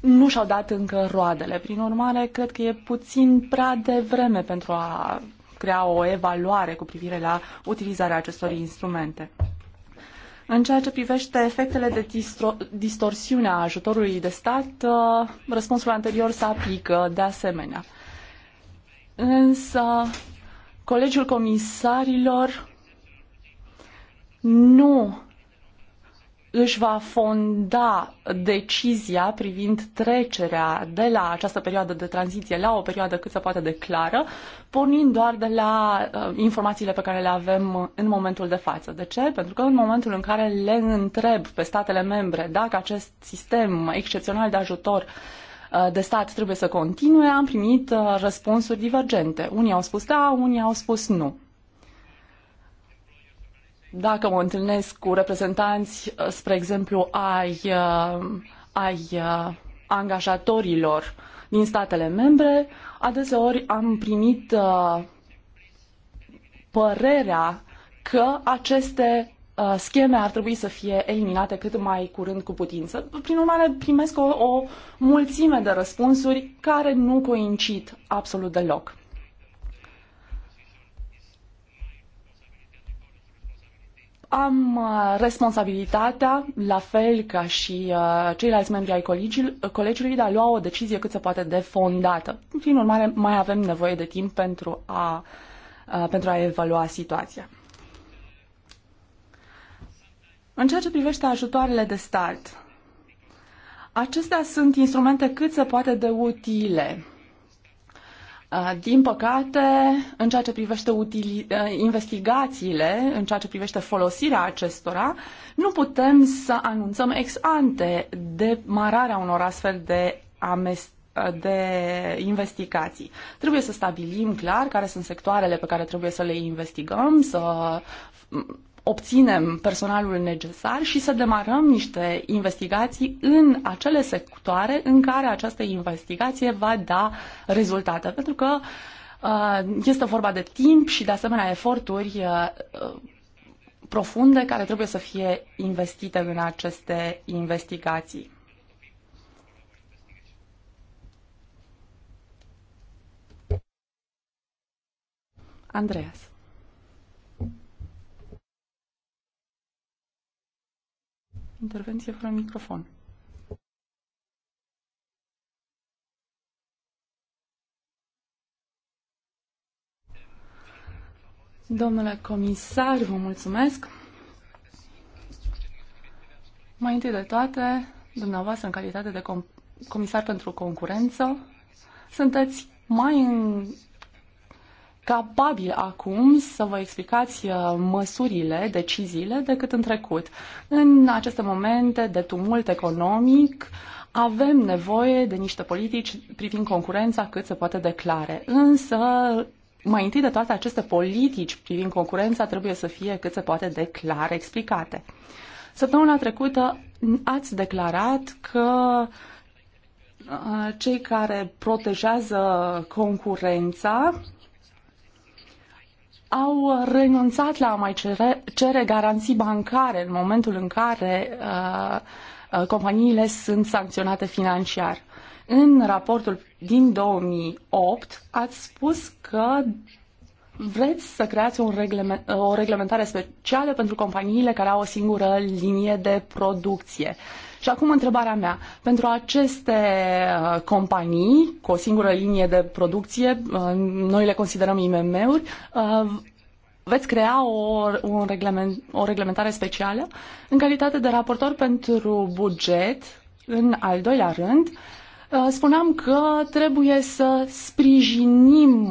nu și-au dat încă roadele. Prin urmare, cred că e puțin prea devreme pentru a crea o evaluare cu privire la utilizarea acestor instrumente. În ceea ce privește efectele de distorsiune a ajutorului de stat, uh, răspunsul anterior se aplică de asemenea. Însă, Colegiul Comisarilor nu își va fonda decizia privind trecerea de la această perioadă de tranziție la o perioadă cât se poate de clară, pornind doar de la uh, informațiile pe care le avem în momentul de față. De ce? Pentru că în momentul în care le întreb pe statele membre dacă acest sistem excepțional de ajutor uh, de stat trebuie să continue, am primit uh, răspunsuri divergente. Unii au spus da, unii au spus nu dacă mă întâlnesc cu reprezentanți, uh, spre exemplu, ai, uh, ai uh, angajatorilor din statele membre, adeseori am primit părerea că aceste scheme ar trebui să fie eliminate cât mai curând cu putință. Prin urmare, primesc o, o mulțime de răspunsuri care nu coincid absolut deloc. Am uh, responsabilitatea, la fel ca și uh, ceilalți membri ai colegiului, de a lua o decizie cât se poate de fondată. Prin urmare, mai avem nevoie de timp pentru a, uh, pentru a evalua situația. În ceea ce privește ajutoarele de stat, acestea sunt instrumente cât se poate de utile Uh, din păcate, în ceea ce privește uh, investigațiile, în ceea ce privește folosirea acestora, nu putem să anunțăm ex ante demararea unor astfel de amestec uh, de investigații. Trebuie să stabilim clar care sunt sectoarele pe care trebuie să le investigăm, să obținem personalul necesar și să demarăm niște investigații în acele sectoare în care această investigație va da rezultate. Pentru că uh, este vorba de timp și de asemenea eforturi uh, uh, profunde care trebuie să fie investite în aceste investigații. Andreas. Intervenție fără microfon. Domnule comisar, vă mulțumesc. Mai întâi de toate, dumneavoastră, în calitate de com- comisar pentru concurență, sunteți mai în, capabil acum să vă explicați uh, măsurile, deciziile decât în trecut. În aceste momente de tumult economic, avem nevoie de niște politici privind concurența cât se poate declare. Însă, mai întâi de toate, aceste politici privind concurența trebuie să fie cât se poate de clar explicate. Săptămâna trecută ați declarat că uh, cei care protejează concurența au renunțat la a mai cere, cere garanții bancare în momentul în care uh, uh companiile sunt sancționate financiar. În raportul din 2008 ați spus că vreți să creați un reglement, o reglementare specială pentru companiile care au o singură linie de producție. Uh, și acum întrebarea mea. Pentru aceste uh, companii cu o singură linie de producție, uh, noi le considerăm IMM-uri, uh, veți crea o, un reglement, o reglementare specială în calitate de raportor pentru buget în al doilea rând. Spuneam că trebuie să sprijinim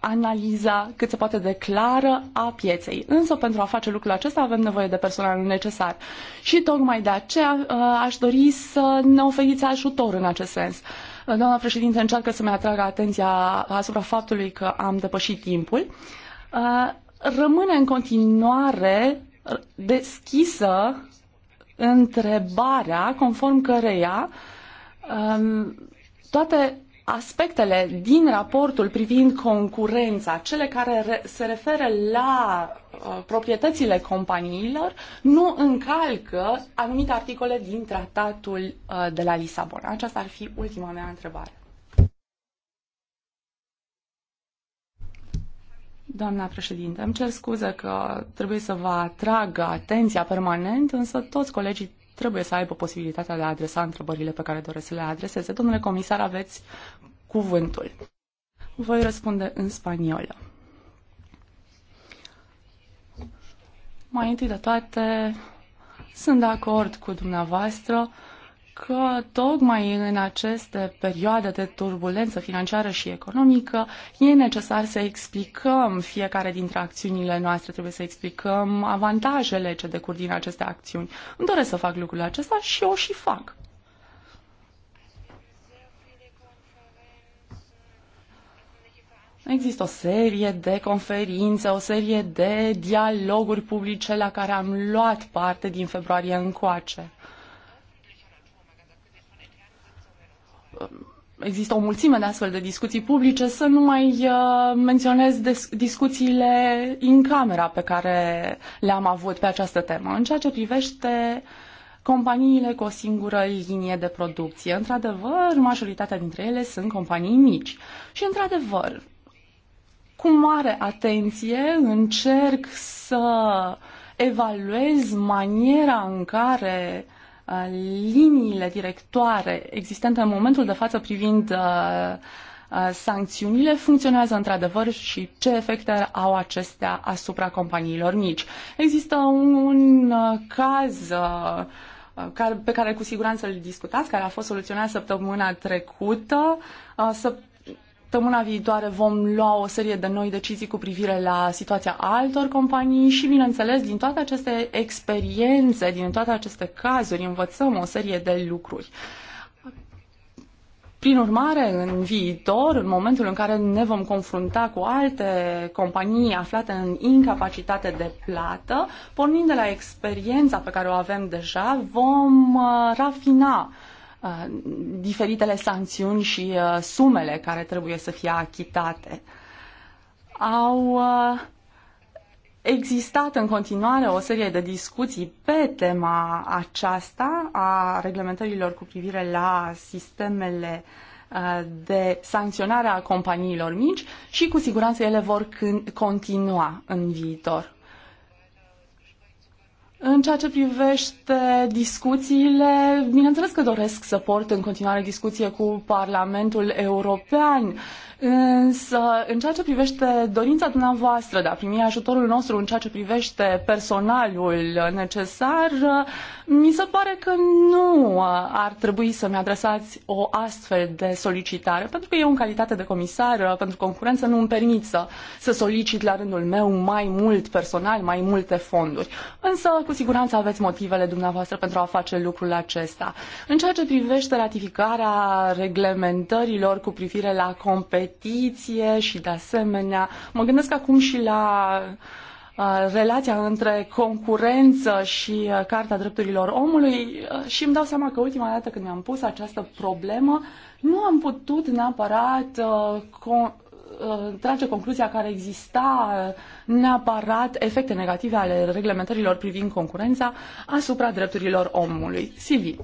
analiza cât se poate de clară a pieței. Însă pentru a face lucrul acesta avem nevoie de personalul necesar. Și tocmai de aceea uh, aș dori să ne oferiți ajutor în acest sens. Uh, doamna președinte încearcă să-mi atragă atenția asupra faptului că am depășit timpul. Uh, rămâne în continuare deschisă întrebarea conform căreia um, toate aspectele din raportul privind concurența, cele care se referă la uh, proprietățile companiilor, nu încalcă anumite articole din tratatul uh, de la Lisabona. Aceasta ar fi ultima mea întrebare. Doamna președinte, îmi cer scuze că trebuie să vă atrag atenția permanent, însă toți colegii trebuie să aibă posibilitatea de a adresa întrebările pe care doresc să le adreseze. Domnule comisar, aveți cuvântul. Voi răspunde în spaniolă. Mai întâi de toate, sunt de acord cu dumneavoastră că tocmai în aceste perioade de turbulență financiară și economică e necesar să explicăm fiecare dintre acțiunile noastre, trebuie să explicăm avantajele ce decurg din aceste acțiuni. Îmi doresc să fac lucrul acesta și o și fac. Există o serie de conferințe, o serie de dialoguri publice la care am luat parte din februarie încoace. există o mulțime de astfel de discuții publice, să nu mai uh, menționez discuțiile în camera pe care le-am avut pe această temă. În ceea ce privește companiile cu o singură linie de producție, într-adevăr, majoritatea dintre ele sunt companii mici. Și, într-adevăr, cu mare atenție încerc să evaluez maniera în care uh, Uh, liniile directoare existente în momentul de față privind uh, uh, sancțiunile funcționează într-adevăr și ce efecte au acestea asupra companiilor mici. Există un caz care pe care cu siguranță îl discutați, care a fost soluționat săptămâna trecută, să săptămâna viitoare vom lua o serie de noi decizii cu privire la situația altor companii și, bineînțeles, din toate aceste experiențe, din toate aceste cazuri, învățăm o serie de lucruri. Prin urmare, în viitor, în momentul în care ne vom confrunta cu alte companii aflate în incapacitate de plată, pornind de la experiența pe care o avem deja, vom rafina uh, Uh, diferitele sancțiuni și uh, sumele care trebuie să fie achitate. Au uh, existat în continuare o serie de discuții pe tema aceasta a reglementărilor cu privire la sistemele de sancționare a companiilor mici și cu siguranță ele vor continua în viitor. În ceea ce privește discuțiile, bineînțeles că doresc să port în continuare discuție cu Parlamentul European. Însă, în ceea ce privește dorința dumneavoastră de a primi ajutorul nostru, în ceea ce privește personalul necesar, mi se pare că nu ar trebui să-mi adresați o astfel de solicitare, pentru că eu, în calitate de comisar pentru concurență, nu îmi permit să, să solicit la rândul meu mai mult personal, mai multe fonduri. Însă, cu siguranță aveți motivele dumneavoastră pentru a face lucrul acesta. În ceea ce privește ratificarea reglementărilor cu privire la competențe, competiție și de asemenea mă gândesc acum și la uh, relația între concurență și uh, Carta Drepturilor Omului uh, și îmi dau seama că ultima dată când mi-am pus această problemă nu am putut neapărat trage concluzia că ar exista neapărat efecte negative ale reglementărilor privind concurența asupra drepturilor omului. Silvi.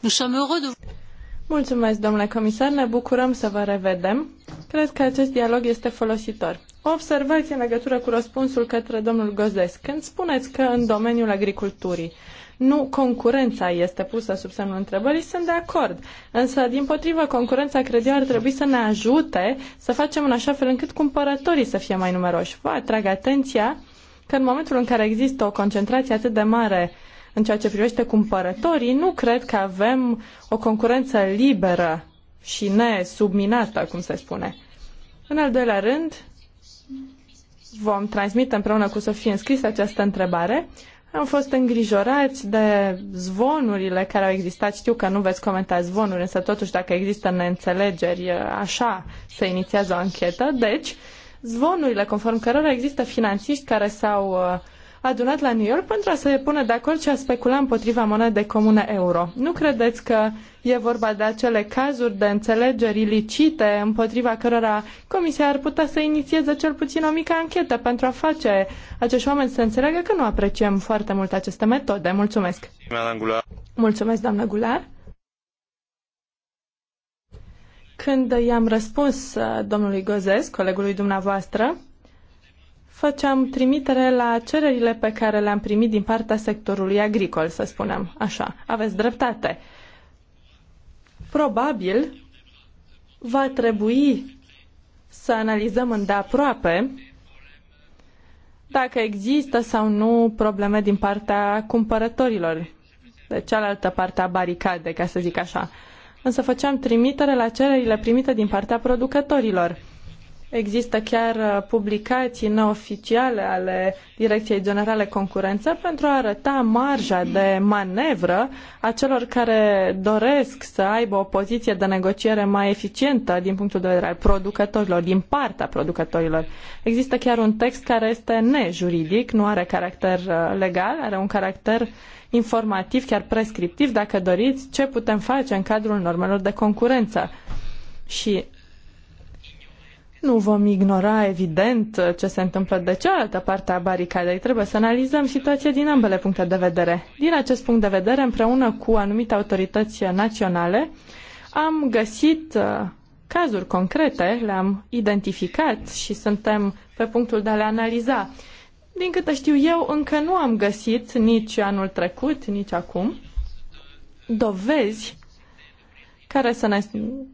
Mulțumesc, domnule comisar, ne bucurăm să vă revedem. Cred că acest dialog este folositor. O observație în legătură cu răspunsul către domnul Gozesc. Când spuneți că în domeniul agriculturii nu concurența este pusă sub semnul întrebării, sunt de acord. Însă, din potrivă, concurența, cred eu, ar trebui să ne ajute să facem în așa fel încât cumpărătorii să fie mai numeroși. Vă atrag atenția că în momentul în care există o concentrație atât de mare în ceea ce privește cumpărătorii, nu cred că avem o concurență liberă și nesubminată, cum se spune. În al doilea rând, vom transmite împreună cu Sofie înscris această întrebare. Am fost îngrijorați de zvonurile care au existat. Știu că nu veți comenta zvonuri, însă totuși dacă există neînțelegeri, așa se inițiază o anchetă. Deci, zvonurile conform cărora există finanțiști care s-au uh, adunat la New York pentru a se pune de acord și a specula împotriva monedei comune euro. Nu credeți că e vorba de acele cazuri de înțelegeri ilicite împotriva cărora Comisia ar putea să inițieze cel puțin o mică anchetă pentru a face acești oameni să înțeleagă că nu apreciem foarte mult aceste metode. Mulțumesc! Mulțumesc, doamnă Gular! Când i-am răspuns uh, domnului Gozes, colegului dumneavoastră, făceam trimitere la cererile pe care le-am primit din partea sectorului agricol, să spunem așa. Aveți dreptate. Probabil va trebui să analizăm îndeaproape dacă există sau nu probleme din partea cumpărătorilor, de cealaltă parte a baricadei, ca să zic așa. Însă făceam trimitere la cererile primite din partea producătorilor Există chiar uh, publicații neoficiale ale Direcției Generale Concurență pentru a arăta marja de manevră a celor care doresc să aibă o poziție de negociere mai eficientă din punctul de vedere al producătorilor, din partea producătorilor. Există chiar un text care este nejuridic, nu are caracter uh, legal, are un caracter informativ, chiar prescriptiv, dacă doriți, ce putem face în cadrul normelor de concurență. Și nu vom ignora, evident, ce se întâmplă de cealaltă parte a baricadei. Trebuie să analizăm situația din ambele puncte de vedere. Din acest punct de vedere, împreună cu anumite autorități naționale, am găsit uh, cazuri concrete, le-am identificat și suntem pe punctul de a le analiza. Din câte știu eu, încă nu am găsit nici anul trecut, nici acum, dovezi care să ne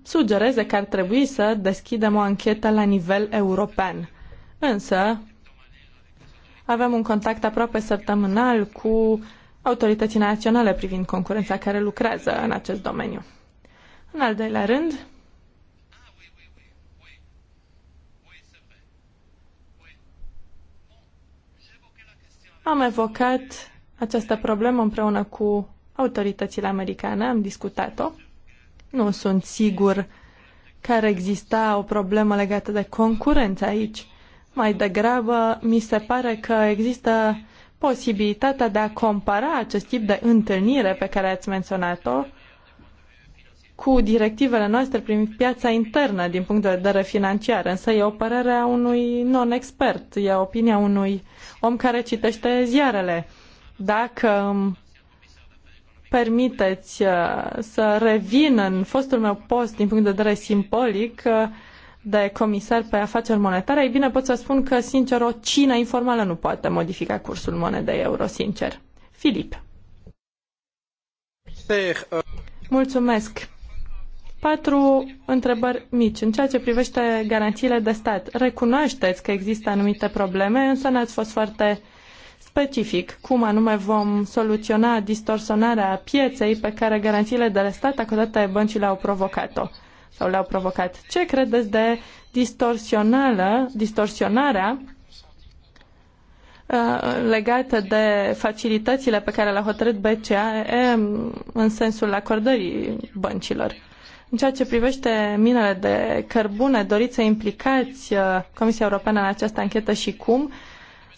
sugereze că ar trebui să deschidem o anchetă la nivel european. Însă, avem un contact aproape săptămânal cu autoritățile naționale privind concurența care lucrează în acest domeniu. În al doilea rând, am evocat această problemă împreună cu autoritățile americane, am discutat-o. Nu sunt sigur că ar exista o problemă legată de concurență aici. Mai degrabă, mi se pare că există posibilitatea de a compara acest tip de întâlnire pe care ați menționat-o cu directivele noastre prin piața internă din punct de vedere financiar, însă e o părere a unui non-expert, e opinia unui om care citește ziarele. Dacă permiteți uh, să revin în fostul meu post din punct de vedere simbolic uh, de comisar pe afaceri monetare, ei bine pot să spun că, sincer, o cină informală nu poate modifica cursul monedei euro, sincer. Filip. Mulțumesc. Patru întrebări mici. În ceea ce privește garanțiile de stat, recunoașteți că există anumite probleme, însă n-ați fost foarte specific cum anume vom soluționa distorsionarea pieței pe care garanțiile de la stat acordate băncile au provocat-o sau le-au provocat. Ce credeți de distorsionarea uh, legată de facilitățile pe care le-a hotărât BCAE um, în sensul acordării băncilor. În ceea ce privește minele de cărbune, doriți să implicați uh, Comisia Europeană în această anchetă și cum?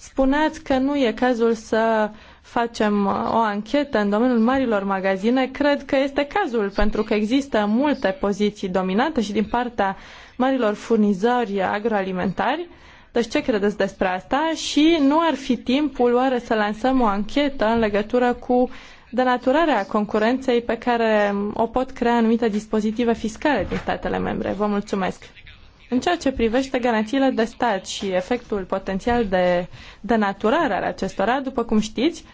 Spuneați că nu e cazul să facem uh, o anchetă în domeniul marilor magazine. Cred că este cazul, pentru că există multe poziții dominante și din partea marilor furnizori agroalimentari. Deci ce credeți despre asta? Și nu ar fi timpul oare să lansăm o anchetă în legătură cu denaturarea concurenței pe care um, o pot crea anumite dispozitive fiscale din statele membre? Vă mulțumesc! În ceea ce privește garanțiile de stat și efectul potențial de denaturare al acestora, după cum știți,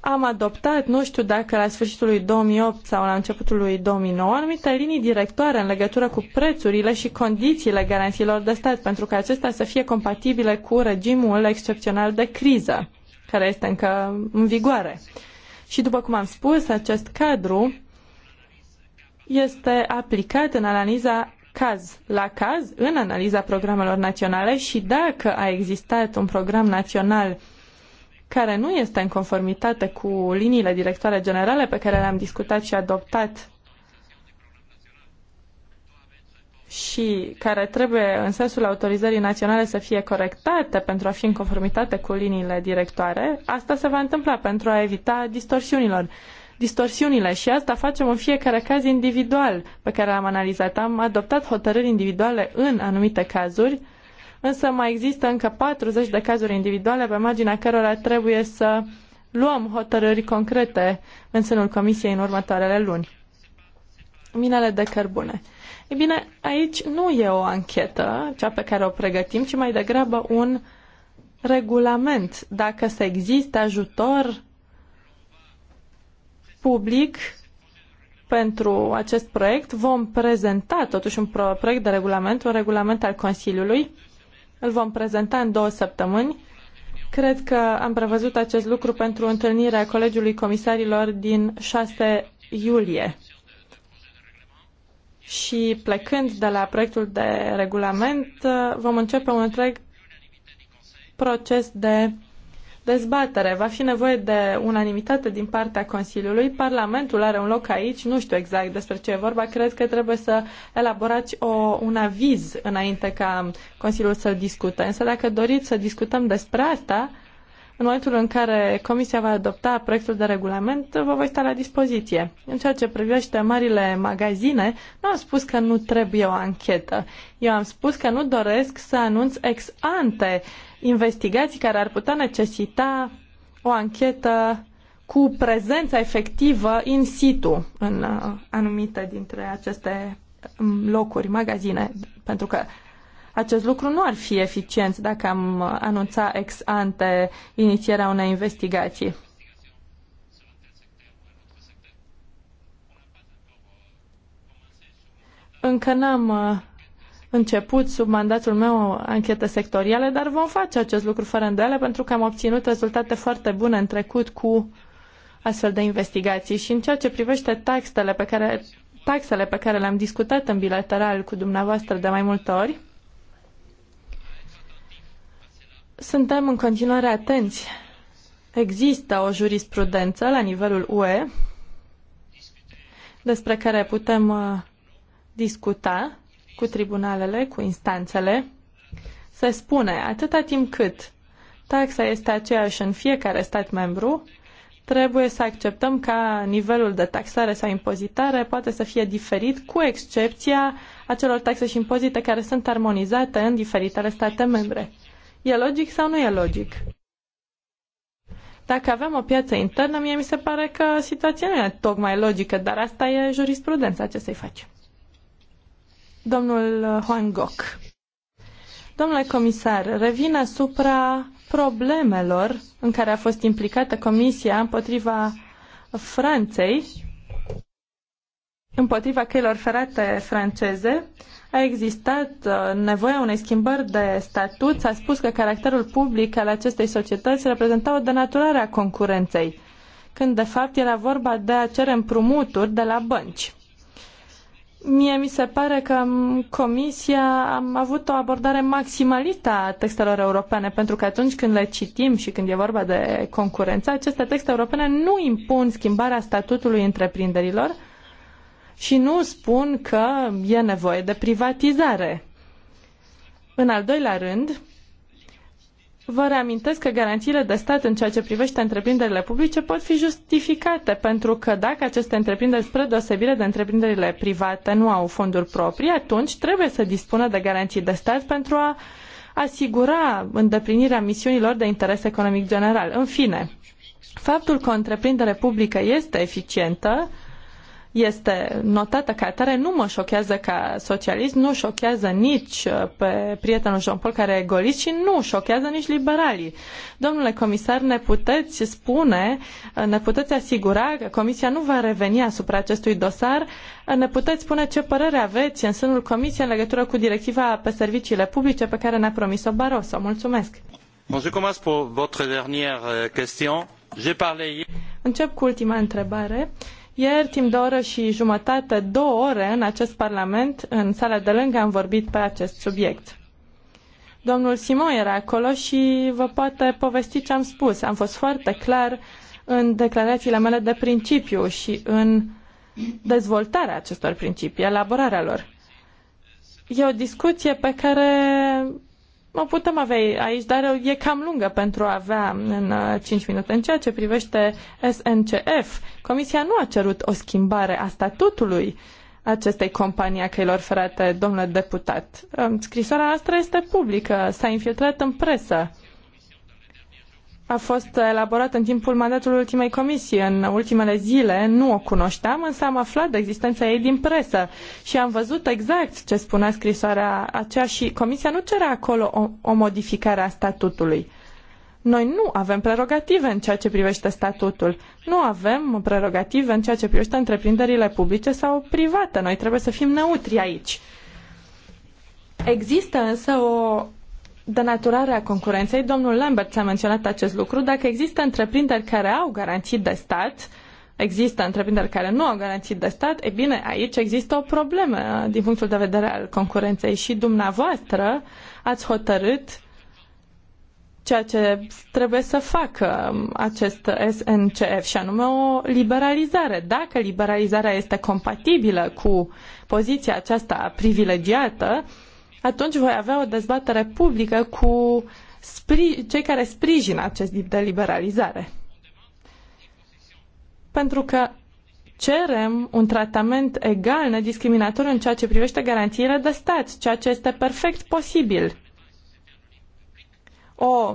am adoptat, nu știu dacă la sfârșitul lui 2008 sau la începutul lui 2009, anumite linii directoare în legătură cu prețurile și condițiile garanțiilor de stat, pentru ca acestea să fie compatibile cu regimul excepțional de criză, care este încă în vigoare. Și după cum am spus, acest cadru este aplicat în analiza caz la caz în analiza programelor naționale și dacă a existat un program național care nu este în conformitate cu liniile directoare generale pe care le-am discutat și adoptat și care trebuie în sensul autorizării naționale să fie corectate pentru a fi în conformitate cu liniile directoare, asta se va întâmpla pentru a evita distorsiunilor distorsiunile și asta facem în fiecare caz individual pe care l-am analizat. Am adoptat hotărâri individuale în anumite cazuri, însă mai există încă 40 de cazuri individuale pe marginea cărora trebuie să luăm hotărâri concrete în sânul Comisiei în următoarele luni. Minele de cărbune. Ei bine, aici nu e o anchetă, cea pe care o pregătim, ci mai degrabă un regulament. Dacă să există ajutor public pentru acest proiect. Vom prezenta totuși un proiect de regulament, un regulament al Consiliului. Îl vom prezenta în două săptămâni. Cred că am prevăzut acest lucru pentru întâlnirea Colegiului Comisarilor din 6 iulie. Și plecând de la proiectul de regulament, uh, vom începe un întreg proces de dezbatere. Va fi nevoie de unanimitate din partea Consiliului. Parlamentul are un loc aici, nu știu exact despre ce e vorba. Cred că trebuie să elaborați o, un aviz înainte ca Consiliul să discute. Însă dacă doriți să discutăm despre asta, în momentul în care Comisia va adopta proiectul de regulament, vă voi sta la dispoziție. În ceea ce privește marile magazine, nu am spus că nu trebuie o anchetă. Eu am spus că nu doresc să anunț ex ante investigații care ar putea necesita o anchetă cu prezența efectivă in situ în uh, anumite dintre aceste um, locuri, magazine, pentru că acest lucru nu ar fi eficient dacă am anunța ex ante inițierea unei investigații. Încă n-am uh, început sub mandatul meu anchete sectoriale, dar vom face acest lucru fără îndoială pentru că am obținut rezultate foarte bune în trecut cu astfel de investigații. Și în ceea ce privește taxele pe care, taxele pe care le-am discutat în bilateral cu dumneavoastră de mai multe ori, suntem în continuare atenți. Există o jurisprudență la nivelul UE despre care putem uh, discuta cu tribunalele, cu instanțele. Se spune, atâta timp cât taxa este aceeași în fiecare stat membru, trebuie să acceptăm ca nivelul de taxare sau impozitare poate să fie diferit, cu excepția acelor taxe și impozite care sunt armonizate în diferitele state membre. E logic sau nu e logic? Dacă avem o piață internă, mie mi se pare că situația nu e tocmai logică, dar asta e jurisprudența, ce să-i faci? Domnul Juan Goc. Domnule comisar, revin asupra problemelor în care a fost implicată Comisia împotriva Franței, împotriva căilor ferate franceze, a existat uh, nevoia unei schimbări de statut. S-a spus că caracterul public al acestei societăți reprezenta o denaturare a concurenței, când de fapt era vorba de a cere împrumuturi de la bănci. Mie mi se pare că Comisia a avut o abordare maximalistă a textelor europene, pentru că atunci când le citim și când e vorba de concurență, aceste texte europene nu impun schimbarea statutului întreprinderilor, și nu spun că e nevoie de privatizare. În al doilea rând, Vă reamintesc că garanțiile de stat în ceea ce privește întreprinderile publice pot fi justificate, pentru că dacă aceste întreprinderi, spre deosebire de întreprinderile private, nu au fonduri proprii, atunci trebuie să dispună de garanții de stat pentru a asigura îndeplinirea misiunilor de interes economic general. În fine, faptul că o întreprindere publică este eficientă este notată ca atare, nu mă șochează ca socialist, nu șochează nici uh, pe prietenul Jean-Paul care e golist și nu șochează nici liberalii. Domnule comisar, ne puteți spune, uh, ne puteți asigura că Comisia nu va reveni asupra acestui dosar, uh, ne puteți spune ce părere aveți în sânul Comisiei în legătură cu directiva pe serviciile publice pe care ne-a promis-o Barroso. Mulțumesc! Bon, euh, Încep cu ultima întrebare. Ieri, timp de o oră și jumătate, două ore, în acest Parlament, în sala de lângă, am vorbit pe acest subiect. Domnul Simon era acolo și vă poate povesti ce am spus. Am fost foarte clar în declarațiile mele de principiu și în dezvoltarea acestor principii, elaborarea lor. E o discuție pe care o putem avea aici, dar e cam lungă pentru a avea în 5 uh, minute. În ceea ce privește SNCF, Comisia nu a cerut o schimbare a statutului acestei companii a căilor ferate, domnule deputat. Um, scrisoarea noastră este publică, s-a infiltrat în presă a fost elaborat în timpul mandatului ultimei comisii. În ultimele zile nu o cunoșteam, însă am aflat de existența ei din presă și am văzut exact ce spunea scrisoarea aceea și comisia nu cerea acolo o, o modificare a statutului. Noi nu avem prerogative în ceea ce privește statutul. Nu avem prerogative în ceea ce privește întreprinderile publice sau private. Noi trebuie să fim neutri aici. Există însă o denaturarea concurenței. Domnul Lambert ți-a menționat acest lucru. Dacă există întreprinderi care au garanții de stat, există întreprinderi care nu au garanții de stat, e bine, aici există o problemă din punctul de vedere al concurenței și dumneavoastră ați hotărât ceea ce trebuie să facă acest SNCF și anume o liberalizare. Dacă liberalizarea este compatibilă cu poziția aceasta privilegiată, atunci voi avea o dezbatere publică cu cei care sprijină acest tip de liberalizare. Pentru că cerem un tratament egal, nediscriminator în ceea ce privește garanțiile de stat, ceea ce este perfect posibil. O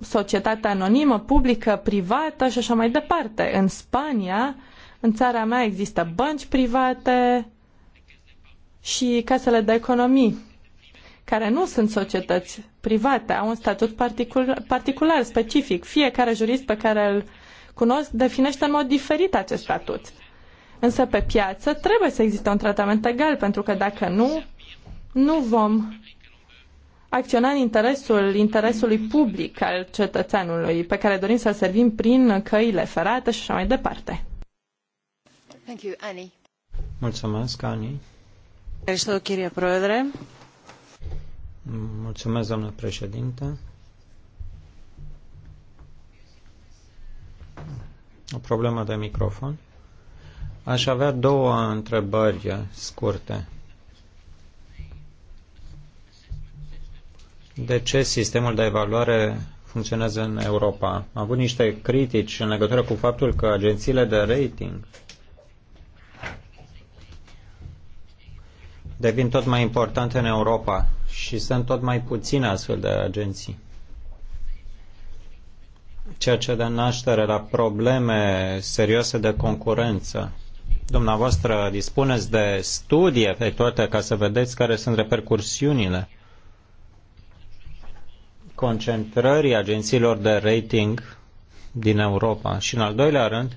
societate anonimă, publică, privată și așa mai departe. În Spania, în țara mea există bănci private, și casele de economii, care nu sunt societăți private, au un statut particular, particular specific. Fiecare jurist pe care îl cunosc definește în mod diferit acest statut. Însă pe piață trebuie să existe un tratament egal, pentru că dacă nu, nu vom acționa în interesul interesului public al cetățeanului pe care dorim să-l servim prin căile ferate și așa mai departe. Thank you, Annie. Mulțumesc, Annie. O problemă de microfon. Aș avea două întrebări scurte. De ce sistemul de evaluare funcționează în Europa? Am avut niște critici în legătură cu faptul că agențiile de rating devin tot mai importante în Europa și sunt tot mai puține astfel de agenții. Ceea ce dă naștere la probleme serioase de concurență. Dumneavoastră dispuneți de studii efectuate ca să vedeți care sunt repercursiunile concentrării agențiilor de rating din Europa. Și în al doilea rând,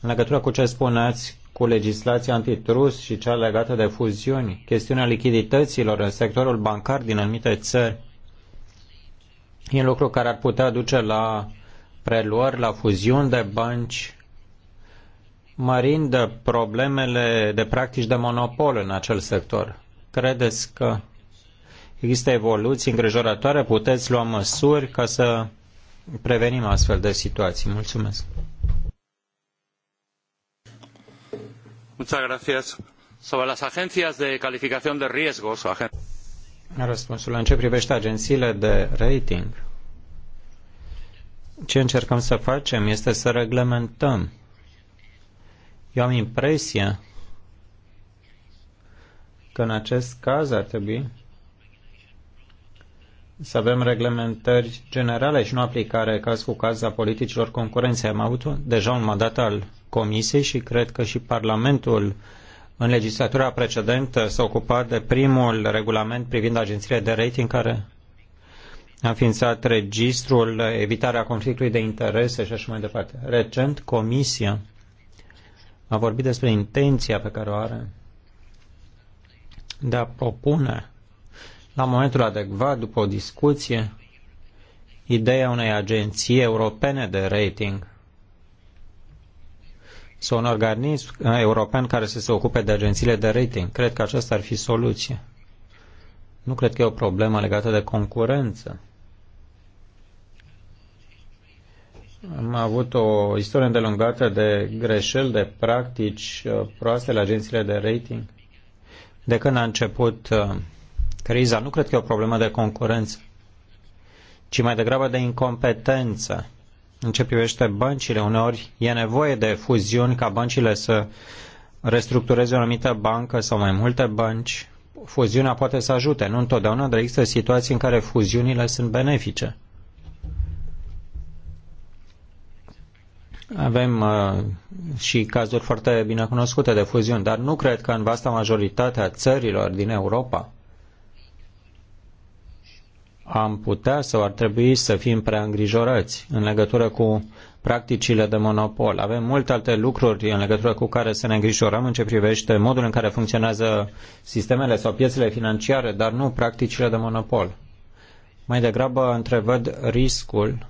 în legătură cu ce spuneați cu legislația antitrust și cea legată de fuziuni, chestiunea lichidităților în sectorul bancar din anumite țări, e un lucru care ar putea duce la preluări, la fuziuni de bănci, mărind problemele de practici de monopol în acel sector. Credeți că există evoluții îngrijorătoare? Puteți lua măsuri ca să prevenim astfel de situații? Mulțumesc! Sobre las agencias de calificación de riesgos. Agen... Răspunsul în ce privește agențiile de rating. Ce încercăm să facem este să reglementăm. Eu am impresia că în acest caz ar trebui să avem reglementări generale și nu aplicare caz cu caz a politicilor concurenței. Am avut deja un mandat al Comisiei și cred că și Parlamentul în legislatura precedentă s-a ocupat de primul regulament privind agențiile de rating care a înființat registrul, evitarea conflictului de interese și așa mai departe. Recent, Comisia a vorbit despre intenția pe care o are de a propune la momentul adecvat, după o discuție, ideea unei agenții europene de rating sau un organism uh, european care să se ocupe de agențiile de rating. Cred că aceasta ar fi soluție. Nu cred că e o problemă legată de concurență. Am avut o istorie îndelungată de greșeli, de practici uh, proaste la agențiile de rating. De când a început uh, Criza nu cred că e o problemă de concurență, ci mai degrabă de incompetență. În ce privește băncile, uneori e nevoie de fuziuni ca băncile să restructureze o anumită bancă sau mai multe bănci. Fuziunea poate să ajute, nu întotdeauna, dar există situații în care fuziunile sunt benefice. Avem uh, și cazuri foarte bine cunoscute de fuziuni, dar nu cred că în vasta majoritatea țărilor din Europa am putea sau ar trebui să fim prea îngrijorați în legătură cu practicile de monopol. Avem multe alte lucruri în legătură cu care să ne îngrijorăm în ce privește modul în care funcționează sistemele sau piețele financiare, dar nu practicile de monopol. Mai degrabă întrevăd riscul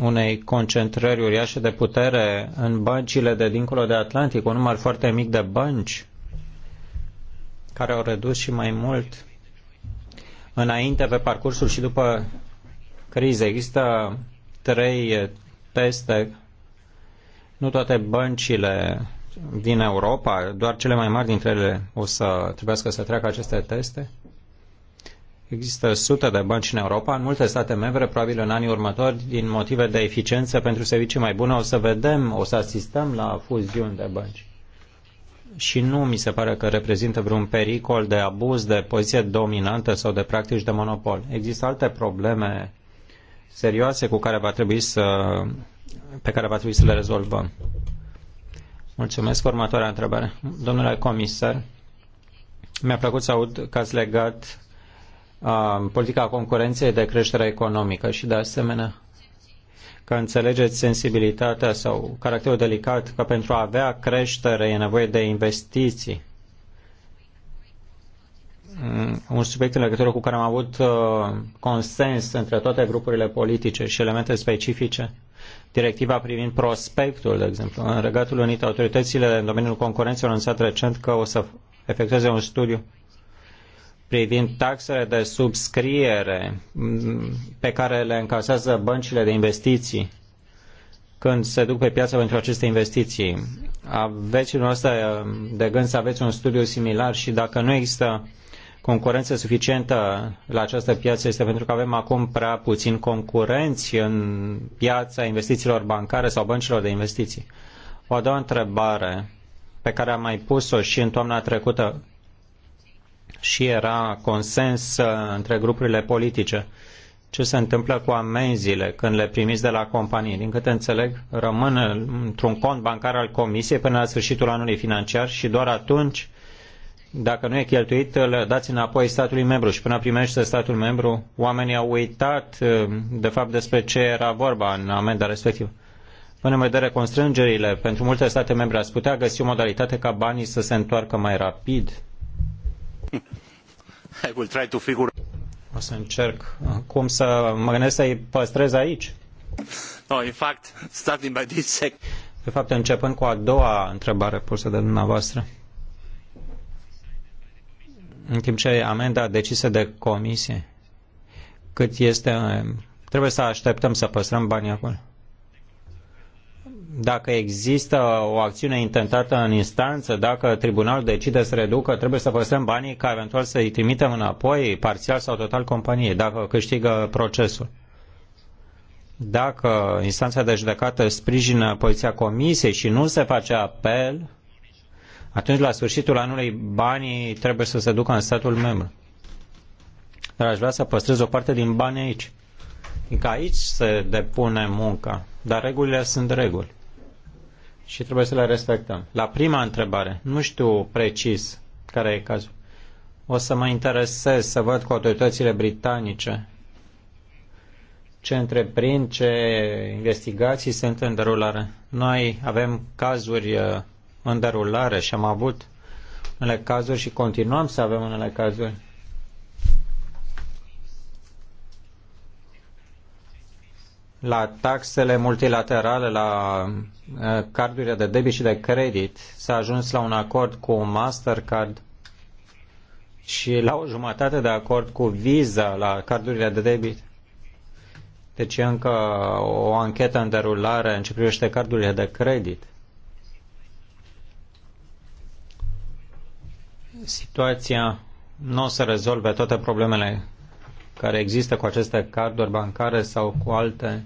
unei concentrări uriașe de putere în băncile de dincolo de Atlantic, un număr foarte mic de bănci care au redus și mai mult înainte, pe parcursul și după criză. Există trei teste, nu toate băncile din Europa, doar cele mai mari dintre ele o să trebuiască să treacă aceste teste. Există sute de bănci în Europa, în multe state membre, probabil în anii următori, din motive de eficiență pentru servicii mai bune, o să vedem, o să asistăm la fuziuni de bănci și nu mi se pare că reprezintă vreun pericol de abuz de poziție dominantă sau de practici de monopol. Există alte probleme serioase cu care va trebui să, pe care va trebui să le rezolvăm. Mulțumesc. Următoarea întrebare. Domnule comisar, mi-a plăcut să aud că ați legat uh, politica concurenței de creștere economică și, de asemenea, că înțelegeți sensibilitatea sau caracterul delicat că pentru a avea creștere e nevoie de investiții. Mm, un subiect în legătură cu care am avut uh, consens între toate grupurile politice și elemente specifice directiva privind prospectul, de exemplu. În Regatul Unit, autoritățile în domeniul concurenței au anunțat recent că o să efectueze un studiu privind taxele de subscriere mm, pe care le încasează băncile de investiții când se duc pe piață pentru aceste investiții. Aveți dumneavoastră de gând să aveți un studiu similar și dacă nu există concurență suficientă la această piață este pentru că avem acum prea puțin concurenți în piața investițiilor bancare sau băncilor de investiții. O a doua întrebare pe care am mai pus-o și în toamna trecută și era consens uh, între grupurile politice. Ce se întâmplă cu amenziile când le primiți de la companii? Din câte înțeleg, rămân într-un cont bancar al Comisiei până la sfârșitul anului financiar și doar atunci, dacă nu e cheltuit, îl dați înapoi statului membru și până primește statul membru, oamenii au uitat uh, de fapt despre ce era vorba în amenda respectivă. Până în vedere constrângerile, pentru multe state membre ați putea găsi o modalitate ca banii să se întoarcă mai rapid I will try to figure... O să încerc cum să mă gândesc să-i păstrez aici. No, in fact, starting by this sec... De fapt, începând cu a doua întrebare pusă de dumneavoastră. În timp ce amenda decisă de comisie, cât este, trebuie să așteptăm să păstrăm banii acolo dacă există o acțiune intentată în instanță, dacă tribunalul decide să reducă, trebuie să păstrăm banii ca eventual să-i trimitem înapoi, parțial sau total companiei, dacă câștigă procesul. Dacă instanța de judecată sprijină poziția comisiei și nu se face apel, atunci la sfârșitul anului banii trebuie să se ducă în statul membru. Dar aș vrea să păstrez o parte din bani aici. Fiindcă aici se depune munca, dar regulile sunt reguli și trebuie să le respectăm. La prima întrebare, nu știu precis care e cazul. O să mă interesez să văd cu autoritățile britanice ce întreprind, ce investigații sunt în derulare. Noi avem cazuri uh, în derulare și am avut unele cazuri și continuăm să avem unele cazuri la taxele multilaterale, la eh, cardurile de debit și de credit. S-a ajuns la un acord cu Mastercard și la o jumătate de acord cu Visa la cardurile de debit. Deci e încă o anchetă în derulare în ce privește cardurile de credit. Situația nu o să rezolve toate problemele care există cu aceste carduri bancare sau cu alte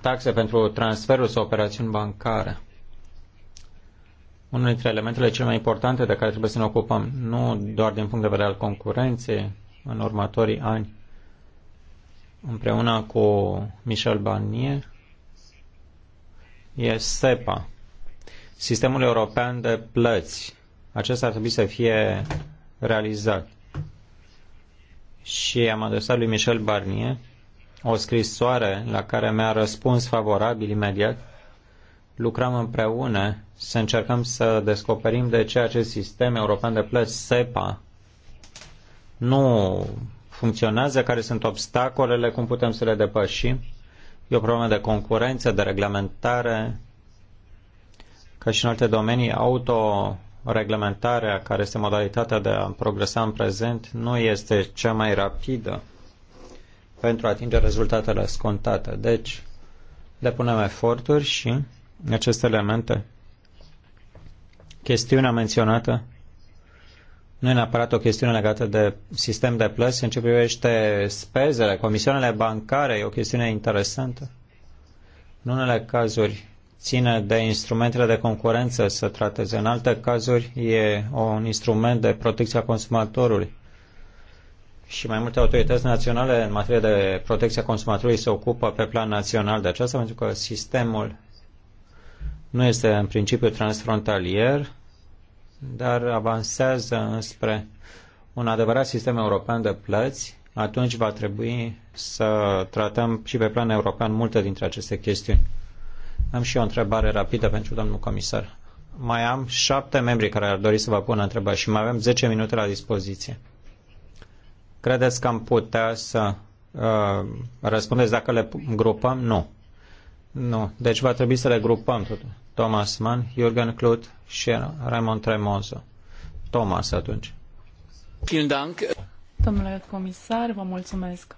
taxe pentru transferul sau operațiuni bancare. Unul dintre elementele cele mai importante de care trebuie să ne ocupăm, nu doar din punct de vedere al concurenței în următorii ani, împreună cu Michel Barnier, e SEPA, Sistemul European de Plăți. Acesta ar trebui să fie realizat. Și am adresat lui Michel Barnier o scrisoare la care mi-a răspuns favorabil imediat. Lucrăm împreună să încercăm să descoperim de ce acest sistem european de plăți SEPA nu funcționează, care sunt obstacolele, cum putem să le depășim. E o problemă de concurență, de reglementare, ca și în alte domenii, autoreglementarea, care este modalitatea de a progresa în prezent, nu este cea mai rapidă pentru a atinge rezultatele scontate. Deci, depunem eforturi și aceste elemente. Chestiunea menționată nu e neapărat o chestiune legată de sistem de plăți, în ce privește spezele, comisioanele bancare, e o chestiune interesantă. În unele cazuri ține de instrumentele de concurență să trateze, în alte cazuri e un instrument de protecție a consumatorului și mai multe autorități naționale în materie de protecția consumatorului se ocupă pe plan național de aceasta, pentru că sistemul nu este în principiu transfrontalier, dar avansează înspre un adevărat sistem european de plăți, atunci va trebui să tratăm și pe plan european multe dintre aceste chestiuni. Am și o întrebare rapidă pentru domnul comisar. Mai am șapte membri care ar dori să vă pună întrebări și mai avem 10 minute la dispoziție. Credeți că am putea să uh, răspundeți dacă le grupăm? Nu. Nu. Deci va trebui să le grupăm tot. Thomas Mann, Jürgen Klut și Raymond Tremozo. Thomas atunci. Domnule comisar, vă mulțumesc.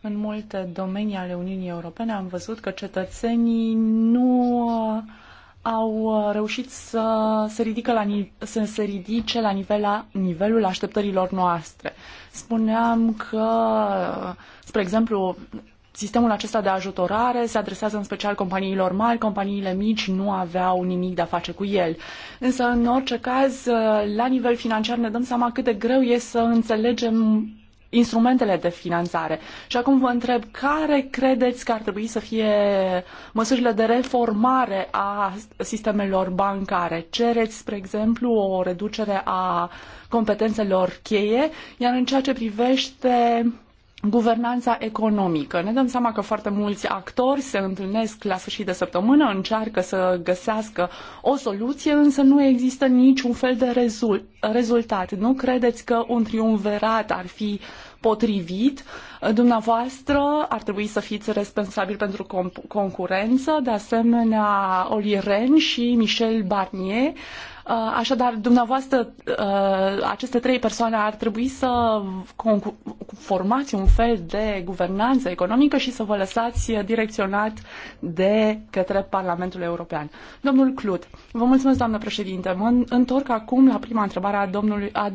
În multe domenii ale Uniunii Europene am văzut că cetățenii nu uh, au uh, reușit să se, ridică la, să se ridice la, nivel, nivelul așteptărilor noastre. Spuneam că, spre exemplu, sistemul acesta de ajutorare se adresează în special companiilor mari, companiile mici nu aveau nimic de a face cu el. Însă, în orice caz, uh, la nivel financiar ne dăm seama cât de greu e să înțelegem instrumentele de finanțare. Și acum vă întreb, care credeți că ar trebui să fie măsurile de reformare a sistemelor bancare? Cereți, spre exemplu, o reducere a competențelor cheie, iar în ceea ce privește guvernanța economică. Ne dăm seama că foarte mulți actori se întâlnesc la sfârșit de săptămână, încearcă să găsească o soluție, însă nu există niciun fel de rezultat. Nu credeți că un triumvirat ar fi uh, potrivit. Dumneavoastră ar trebui să fiți responsabil pentru concurență, de asemenea Oli Ren și Michel Barnier. Uh, așadar, dumneavoastră, uh, aceste trei persoane ar trebui să formați un fel de guvernanță economică și să vă lăsați direcționat de către Parlamentul European. Domnul Clut, vă mulțumesc, doamnă președinte. Mă întorc acum la prima întrebare a domnului a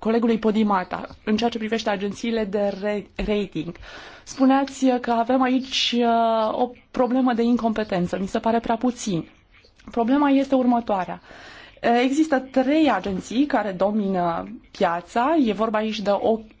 colegului Podimata în ceea ce privește agențiile de rating. Spuneați că avem aici uh, o problemă de incompetență. Mi se pare prea puțin. Problema este următoarea. Uh, există trei agenții care domină piața, e vorba aici de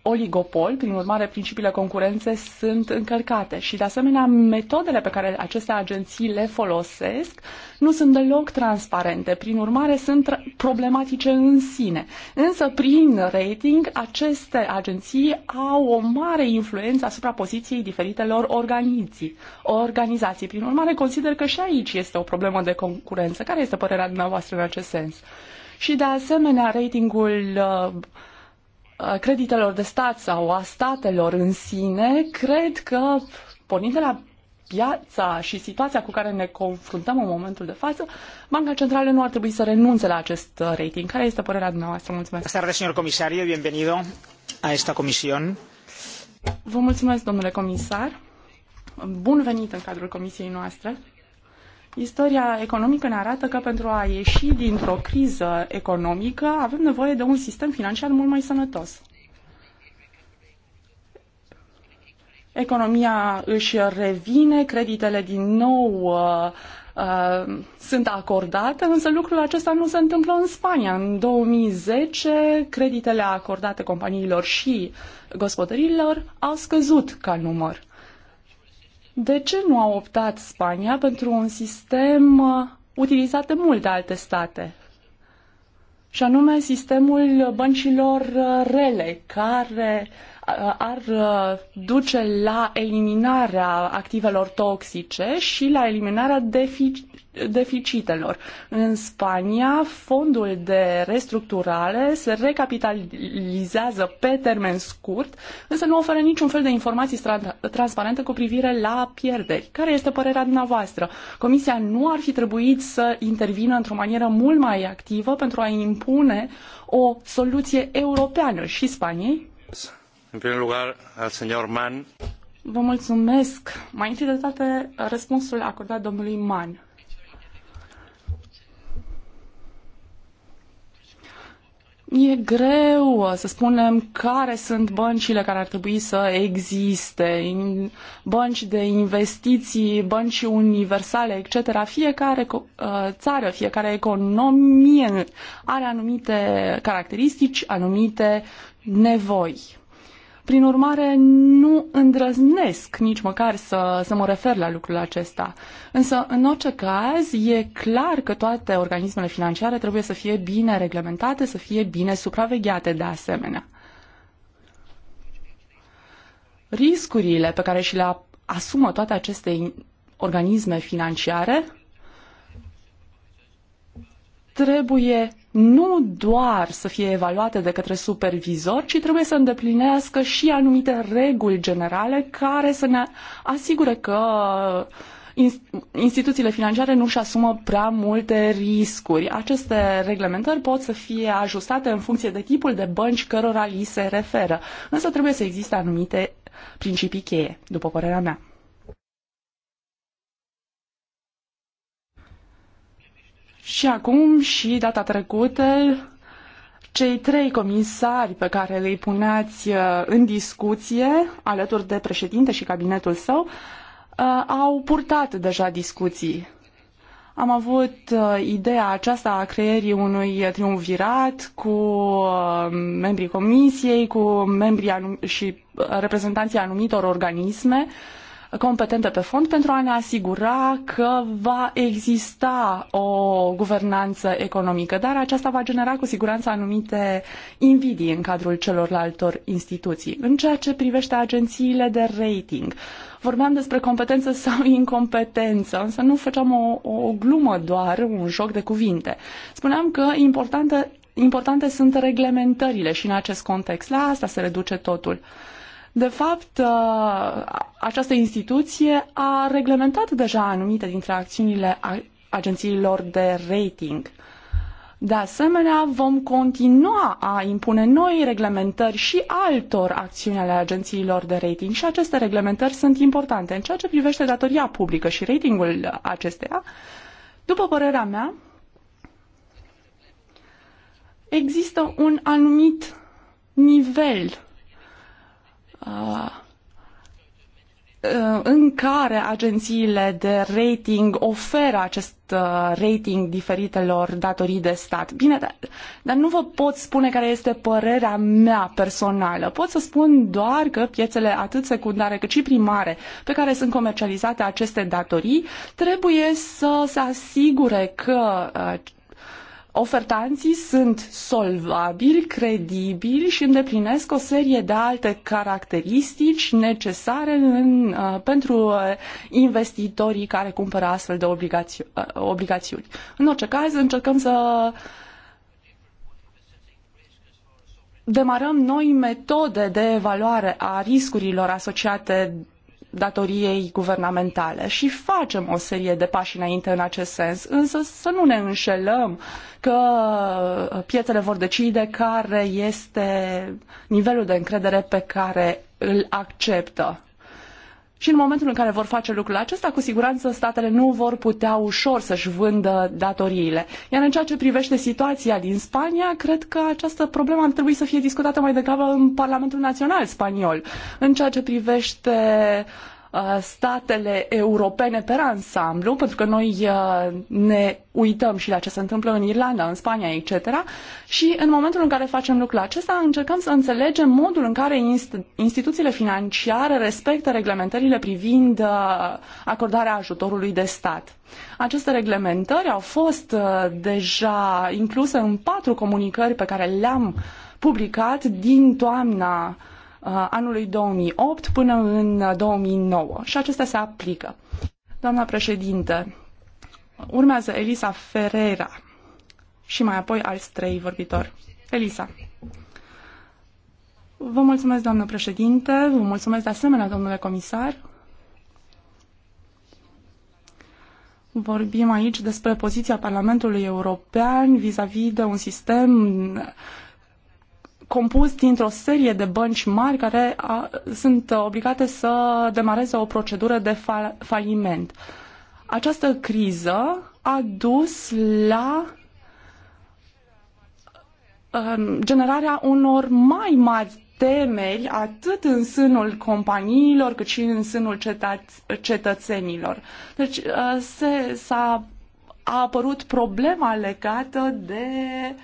oligopol, prin urmare principiile concurențe sunt încărcate și de asemenea metodele pe care aceste agenții le folosesc nu sunt deloc transparente, prin urmare sunt problematice în sine. Însă, prin rating, aceste agenții au o mare influență asupra poziției diferitelor organizații. organizații. Prin urmare, consider că și aici este o problemă de concurență. Care este părerea dumneavoastră în acest sens? Și, de asemenea, ratingul uh, creditelor de stat sau a statelor în sine, cred că, pornind de la piața și situația cu care ne confruntăm în momentul de față, Banca Centrală nu ar trebui să renunțe la acest uh, rating. Care este părerea dumneavoastră? Mulțumesc. Buenas tardes, señor comisario. Bienvenido a esta comisión. Vă mulțumesc, domnule comisar. Bun venit în cadrul comisiei noastre. Istoria economică ne arată că pentru a ieși dintr-o criză economică avem nevoie de un sistem financiar mult mai sănătos. economia își revine, creditele din nou uh, uh, sunt acordate, însă lucrul acesta nu se întâmplă în Spania. În 2010, creditele acordate companiilor și gospodărilor au scăzut ca număr. De ce nu a optat Spania pentru un sistem uh, utilizat de multe alte state? și anume sistemul băncilor uh, rele, care ar uh, duce la eliminarea activelor toxice și la eliminarea defic- deficitelor. În Spania, fondul de restructurare se recapitalizează pe termen scurt, însă nu oferă niciun fel de informații transparente cu privire la pierderi. Care este părerea dumneavoastră? Comisia nu ar fi trebuit să intervină într-o manieră mult mai activă pentru a impune o soluție europeană și Spaniei? În primul lugar, al Mann. Vă mulțumesc. Mai întâi de toate, răspunsul acordat domnului Mann. E greu să spunem care sunt băncile care ar trebui să existe, bănci de investiții, bănci universale, etc. Fiecare uh, țară, fiecare economie are anumite caracteristici, anumite nevoi. Prin urmare, nu îndrăznesc nici măcar să, să mă refer la lucrul acesta. Însă, în orice caz, e clar că toate organismele financiare trebuie să fie bine reglementate, să fie bine supravegheate de asemenea. Riscurile pe care și le asumă toate aceste organisme financiare trebuie nu doar să fie evaluate de către supervizor, ci trebuie să îndeplinească și anumite reguli generale care să ne asigure că instituțiile financiare nu-și asumă prea multe riscuri. Aceste reglementări pot să fie ajustate în funcție de tipul de bănci cărora li se referă, însă trebuie să existe anumite principii cheie, după părerea mea. Și acum și data trecută, cei trei comisari pe care îi puneați uh, în discuție, alături de președinte și cabinetul său, uh, au purtat deja discuții. Am avut uh, ideea aceasta a creierii unui triumvirat cu membrii comisiei, cu membrii și reprezentanții anumitor organisme uh, competente pe fond pentru a ne asigura că va exista o guvernanță economică, dar aceasta va genera cu siguranță anumite invidii în cadrul celorlaltor instituții. În ceea ce privește agențiile de rating, vorbeam despre competență sau incompetență, însă nu făceam o, o glumă doar, un joc de cuvinte. Spuneam că importantă, importante sunt reglementările și în acest context, la asta se reduce totul. De fapt, uh, această instituție a reglementat deja anumite dintre acțiunile agențiilor de rating. De asemenea, vom continua a impune noi reglementări și altor acțiuni ale agențiilor de rating și aceste reglementări sunt importante. În ceea ce privește datoria publică și ratingul acesteia, după părerea mea, există un anumit nivel Uh, în care agențiile de rating oferă acest uh, rating diferitelor datorii de stat. Bine, dar, dar nu vă pot spune care este părerea mea personală. Pot să spun doar că piețele atât secundare cât și primare pe care sunt comercializate aceste datorii trebuie să se asigure că uh, Ofertanții sunt solvabili, credibili și îndeplinesc o serie de alte caracteristici necesare în, uh, pentru uh, investitorii care cumpără astfel de obligați, uh, obligațiuni. În orice caz, încercăm să demarăm noi metode de evaluare a riscurilor asociate datoriei guvernamentale și facem o serie de pași înainte în acest sens, însă să nu ne înșelăm că piețele vor decide care este nivelul de încredere pe care îl acceptă și în momentul în care vor face lucrul acesta, cu siguranță statele nu vor putea ușor să-și vândă datoriile. Iar în ceea ce privește situația din Spania, cred că această problemă ar trebui să fie discutată mai degrabă în Parlamentul Național spaniol. În ceea ce privește uh, Uh, statele europene pe ansamblu, pentru că noi uh, ne uităm și la ce se întâmplă în Irlanda, în Spania, etc. Și în momentul în care facem lucrul acesta, încercăm să înțelegem modul în care instituțiile financiare respectă reglementările privind uh, acordarea ajutorului de stat. Aceste reglementări au fost deja incluse în patru comunicări pe care le-am publicat din toamna Uh, anului 2008 până în 2009 uh, și acestea se aplică. Doamna președinte, urmează Elisa Ferreira și mai apoi alți trei vorbitori. Elisa. Vă mulțumesc, doamnă președinte, vă mulțumesc de asemenea, domnule comisar. Vorbim aici despre poziția Parlamentului European vis-a-vis -vis de un sistem compus dintr-o serie de bănci mari care a, sunt uh, obligate să demareze o procedură de fa- faliment. Această criză a dus la um, generarea unor mai mari temeri atât în sânul companiilor cât și în sânul cetățenilor. Deci uh, se, s-a, a apărut problema legată de uh,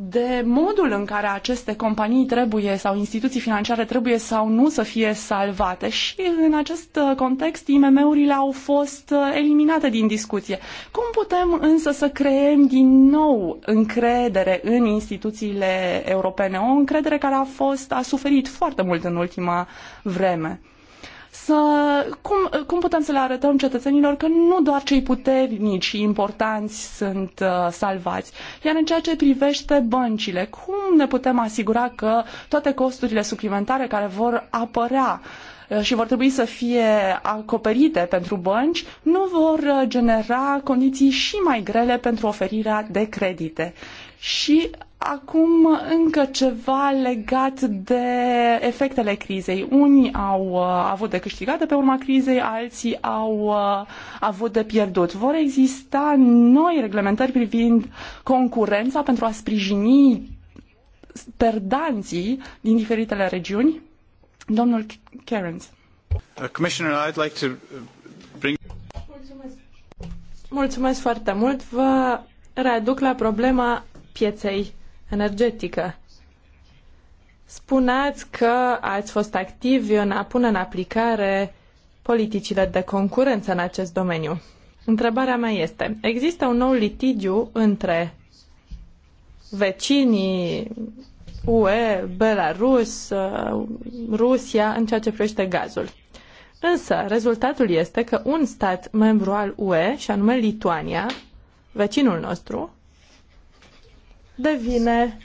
de modul în care aceste companii trebuie sau instituții financiare trebuie sau nu să fie salvate și în acest uh, context IMM-urile au fost uh, eliminate din discuție. Cum putem însă să creăm din nou încredere în instituțiile europene, o încredere care a fost a suferit foarte mult în ultima vreme? să, cum, cum putem să le arătăm cetățenilor că nu doar cei puternici și importanți sunt uh, salvați? Iar în ceea ce privește băncile, cum ne putem asigura că toate costurile suplimentare care vor apărea uh, și vor trebui să fie acoperite pentru bănci, nu vor uh, genera condiții și mai grele pentru oferirea de credite. Și Acum încă ceva legat de efectele crizei. Unii au uh, avut de câștigat de pe urma crizei, alții au uh, avut de pierdut. Vor exista noi reglementări privind concurența pentru a sprijini perdanții din diferitele regiuni? Domnul Kerens. Uh, Commissioner, I'd like to uh, bring... Mulțumesc. Mulțumesc foarte mult. Vă readuc la problema pieței energetică. Spuneați că ați fost activi în a pune în aplicare politicile de concurență în acest domeniu. Întrebarea mea este, există un nou litigiu între vecinii UE, Belarus, uh, Rusia în ceea ce privește gazul. Însă, rezultatul este că un stat membru al UE, și anume Lituania, vecinul nostru, devine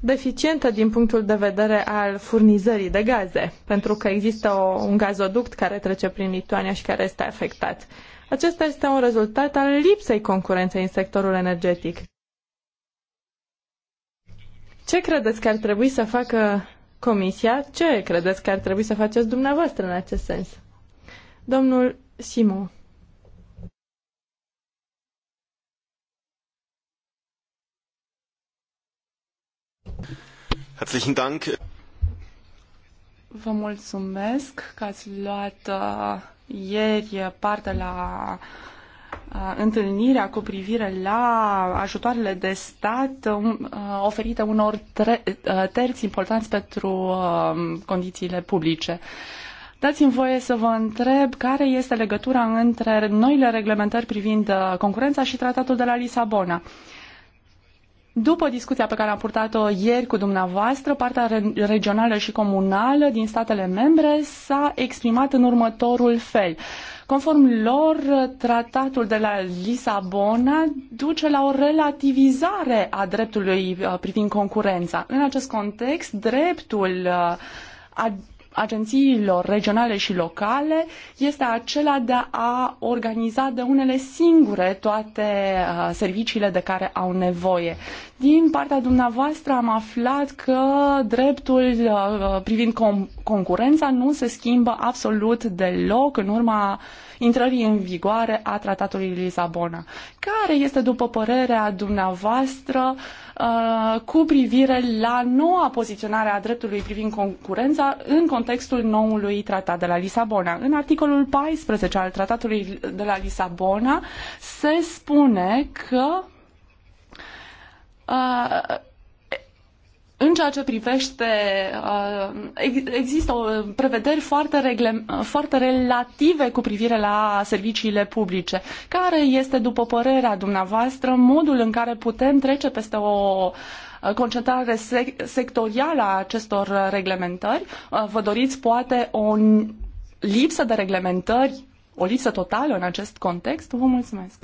deficientă din punctul de vedere al furnizării de gaze, pentru că există o, un gazoduct care trece prin Lituania și care este afectat. Acesta este un rezultat al lipsei concurenței în sectorul energetic. Ce credeți că ar trebui să facă Comisia? Ce credeți că ar trebui să faceți dumneavoastră în acest sens? Domnul Simon. Herzlichen Dank. Vă mulțumesc că ați luat uh, ieri parte la uh, întâlnirea cu privire la ajutoarele de stat um, uh, oferite unor terți importanți pentru um, condițiile publice. Dați-mi voie să vă întreb care este legătura între noile reglementări privind concurența și tratatul de la Lisabona. Uh, după discuția pe care am purtat-o ieri cu dumneavoastră, partea regională și comunală din statele membre s-a exprimat în următorul fel. Conform lor, tratatul de la Lisabona duce la o relativizare a dreptului uh, privind concurența. În acest context, dreptul uh, agențiilor regionale și locale este acela de a organiza de unele singure toate uh, serviciile de care au nevoie. Din partea dumneavoastră am aflat că dreptul uh, privind concurența nu se schimbă absolut deloc în urma intrării în vigoare a Tratatului Lisabona. Care este, după părerea dumneavoastră, uh, cu privire la noua poziționare a dreptului privind concurența în contextul noului tratat de la Lisabona. În articolul 14 al tratatului de la Lisabona se spune că uh, în ceea ce privește, uh, există o uh, prevederi foarte, regle, uh, foarte relative cu privire la serviciile publice. Care este, după părerea dumneavoastră, modul în care putem trece peste o concentrare sectorială a acestor reglementări? Vă doriți, poate, o lipsă de reglementări, o lipsă totală în acest context? Vă mulțumesc!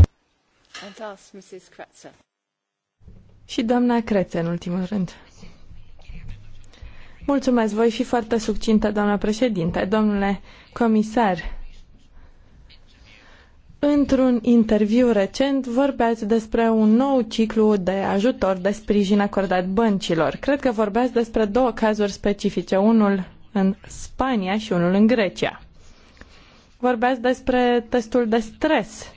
Și doamna Crețe, în ultimul rând. Mulțumesc, voi fi foarte succintă, doamnă președinte. Domnule comisar, într-un interviu recent vorbeați despre un nou ciclu de ajutor de sprijin acordat băncilor. Cred că vorbeați despre două cazuri specifice, unul în Spania și unul în Grecia. Vorbeați despre testul de stres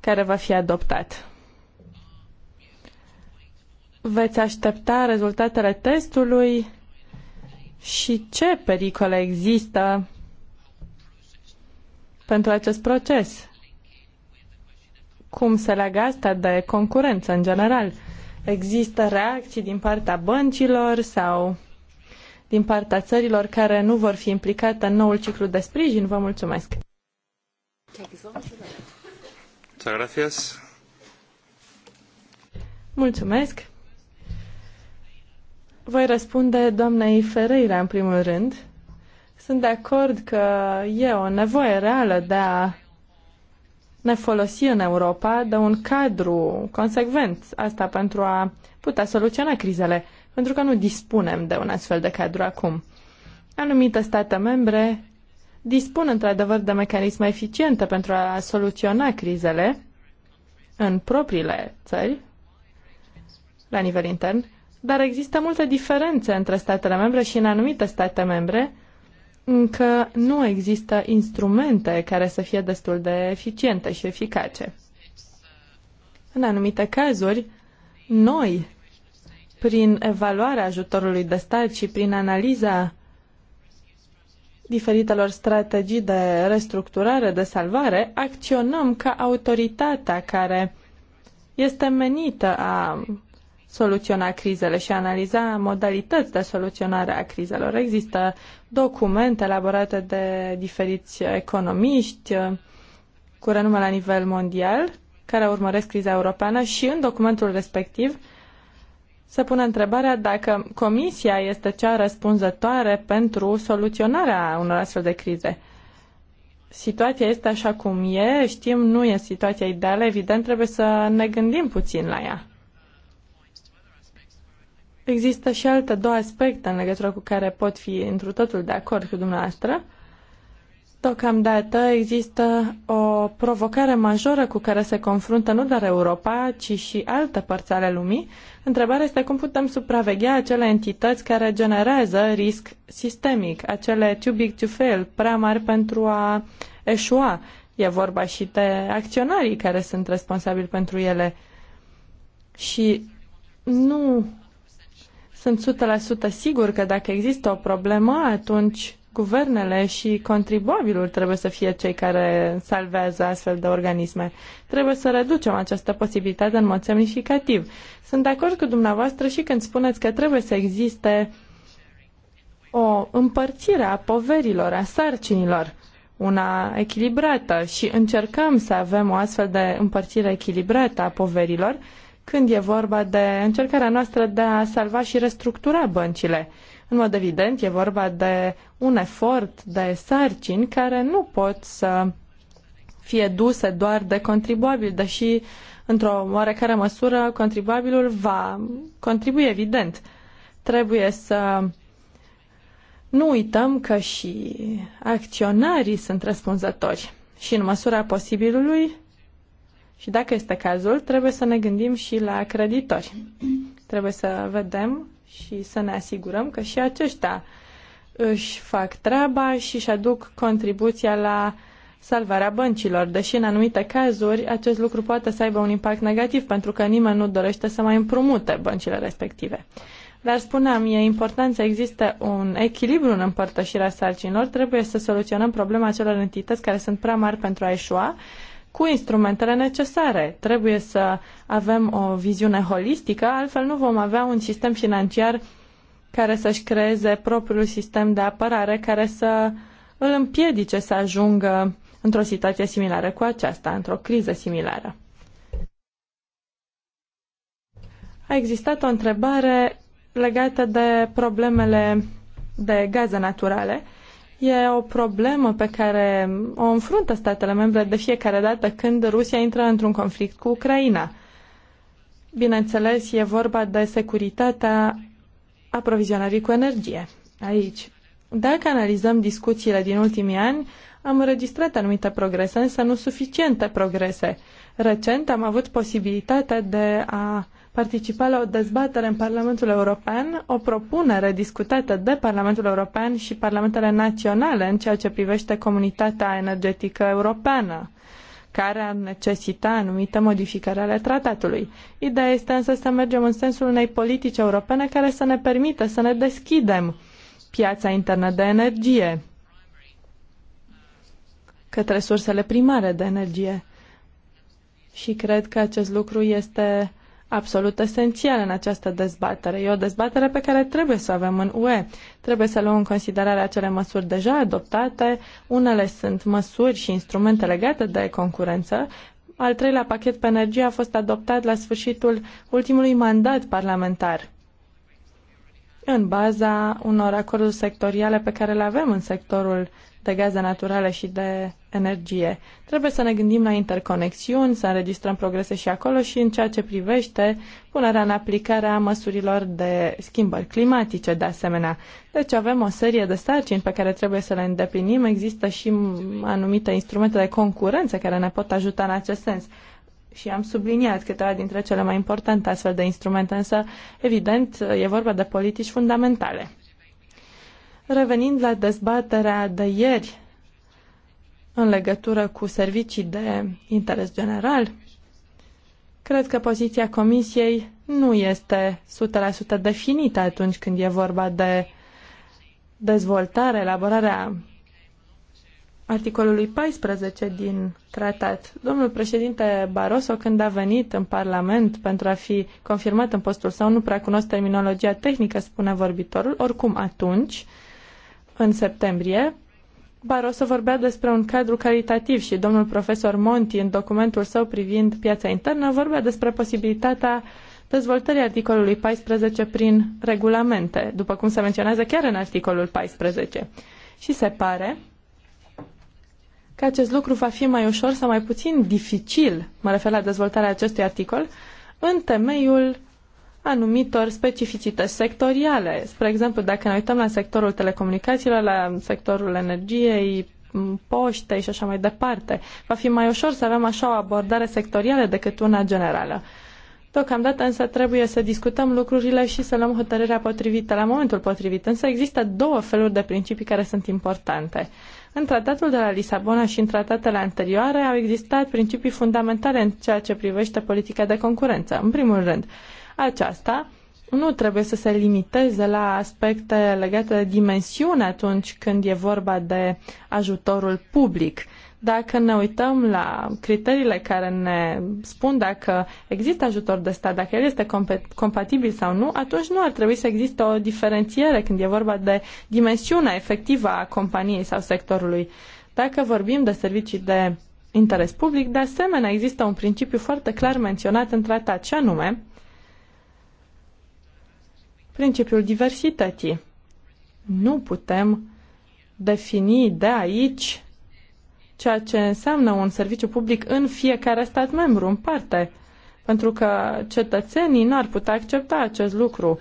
care va fi adoptat. Veți aștepta rezultatele testului și ce pericole există pentru acest proces? Cum se leagă asta de concurență în general? Există reacții din partea băncilor sau din partea țărilor care nu vor fi implicate în noul ciclu de sprijin? Vă mulțumesc! Mulțumesc! Voi răspunde doamnei Ferreira în primul rând. Sunt de acord că e o nevoie reală de a ne folosi în Europa de un cadru consecvent, asta pentru a putea soluționa crizele, pentru că nu dispunem de un astfel de cadru acum. Anumite state membre dispun într-adevăr de mecanisme eficiente pentru a soluționa crizele în propriile țări, la nivel intern, dar există multe diferențe între statele membre și în anumite state membre încă nu există instrumente care să fie destul de eficiente și eficace. În anumite cazuri, noi, prin evaluarea ajutorului de stat și prin analiza diferitelor strategii de restructurare, de salvare, acționăm ca autoritatea care este menită a soluționa crizele și analiza modalități de soluționare a crizelor. Există documente elaborate de diferiți economiști cu renume la nivel mondial care urmăresc criza europeană și în documentul respectiv se pune întrebarea dacă Comisia este cea răspunzătoare pentru soluționarea unor astfel de crize. Situația este așa cum e, știm, nu e situația ideală, evident, trebuie să ne gândim puțin la ea. Există și alte două aspecte în legătură cu care pot fi întru totul de acord cu dumneavoastră. Deocamdată există o provocare majoră cu care se confruntă nu doar Europa, ci și alte părți ale lumii. Întrebarea este cum putem supraveghea acele entități care generează risc sistemic, acele too big to fail, prea mari pentru a eșua. E vorba și de acționarii care sunt responsabili pentru ele. Și nu sunt 100% sigur că dacă există o problemă, atunci guvernele și contribuabilul trebuie să fie cei care salvează astfel de organisme. Trebuie să reducem această posibilitate în mod semnificativ. Sunt de acord cu dumneavoastră și când spuneți că trebuie să existe o împărțire a poverilor, a sarcinilor, una echilibrată și încercăm să avem o astfel de împărțire echilibrată a poverilor, când e vorba de încercarea noastră de a salva și restructura băncile. În mod evident, e vorba de un efort de sarcini care nu pot să fie duse doar de contribuabil, deși, într-o oarecare măsură, contribuabilul va contribui, evident. Trebuie să nu uităm că și acționarii sunt răspunzători și, în măsura posibilului, și dacă este cazul, trebuie să ne gândim și la creditori. Trebuie să vedem și să ne asigurăm că și aceștia își fac treaba și își aduc contribuția la salvarea băncilor, deși în anumite cazuri acest lucru poate să aibă un impact negativ pentru că nimeni nu dorește să mai împrumute băncile respective. Dar spuneam, e important să existe un echilibru în împărtășirea sarcinilor, trebuie să soluționăm problema celor entități care sunt prea mari pentru a eșua cu instrumentele necesare. Trebuie să avem o viziune holistică, altfel nu vom avea un sistem financiar care să-și creeze propriul sistem de apărare care să îl împiedice să ajungă într-o situație similară cu aceasta, într-o criză similară. A existat o întrebare legată de problemele de gaze naturale E o problemă pe care o înfruntă statele membre de fiecare dată când Rusia intră într-un conflict cu Ucraina. Bineînțeles, e vorba de securitatea aprovizionării cu energie aici. Dacă analizăm discuțiile din ultimii ani, am înregistrat anumite progrese, însă nu suficiente progrese. Recent am avut posibilitatea de a participa la o dezbatere în Parlamentul European, o propunere discutată de Parlamentul European și Parlamentele Naționale în ceea ce privește comunitatea energetică europeană care ar necesita anumite modificări ale tratatului. Ideea este însă să mergem în sensul unei politici europene care să ne permită să ne deschidem piața internă de energie către sursele primare de energie. Și cred că acest lucru este absolut esențial în această dezbatere. E o dezbatere pe care trebuie să o avem în UE. Trebuie să luăm în considerare acele măsuri deja adoptate. Unele sunt măsuri și instrumente legate de concurență. Al treilea pachet pe energie a fost adoptat la sfârșitul ultimului mandat parlamentar în baza unor acorduri sectoriale pe care le avem în sectorul de gaze naturale și de energie. Trebuie să ne gândim la interconexiuni, să înregistrăm progrese și acolo și în ceea ce privește punerea în aplicare a măsurilor de schimbări climatice, de asemenea. Deci avem o serie de sarcini pe care trebuie să le îndeplinim. Există și anumite instrumente de concurență care ne pot ajuta în acest sens și am subliniat câteva dintre cele mai importante astfel de instrumente, însă, evident, e vorba de politici fundamentale. Revenind la dezbaterea de ieri în legătură cu servicii de interes general, cred că poziția Comisiei nu este 100% definită atunci când e vorba de dezvoltare, elaborarea articolului 14 din tratat. Domnul președinte Barroso, când a venit în Parlament pentru a fi confirmat în postul său, nu prea cunosc terminologia tehnică, spune vorbitorul, oricum atunci în septembrie, să vorbea despre un cadru caritativ și domnul profesor Monti, în documentul său privind piața internă, vorbea despre posibilitatea dezvoltării articolului 14 prin regulamente, după cum se menționează chiar în articolul 14. Și se pare că acest lucru va fi mai ușor sau mai puțin dificil, mă refer la dezvoltarea acestui articol, în temeiul anumitor specificități sectoriale. Spre exemplu, dacă ne uităm la sectorul telecomunicațiilor, la sectorul energiei, poștei și așa mai departe, va fi mai ușor să avem așa o abordare sectorială decât una generală. Deocamdată însă trebuie să discutăm lucrurile și să luăm hotărârea potrivită la momentul potrivit. Însă există două feluri de principii care sunt importante. În tratatul de la Lisabona și în tratatele anterioare au existat principii fundamentale în ceea ce privește politica de concurență. În primul rând, aceasta nu trebuie să se limiteze la aspecte legate de dimensiune atunci când e vorba de ajutorul public. Dacă ne uităm la criteriile care ne spun dacă există ajutor de stat, dacă el este compatibil sau nu, atunci nu ar trebui să existe o diferențiere când e vorba de dimensiunea efectivă a companiei sau sectorului. Dacă vorbim de servicii de interes public, de asemenea există un principiu foarte clar menționat în tratat, ce anume principiul diversității. Nu putem defini de aici ceea ce înseamnă un serviciu public în fiecare stat membru, în parte, pentru că cetățenii n-ar putea accepta acest lucru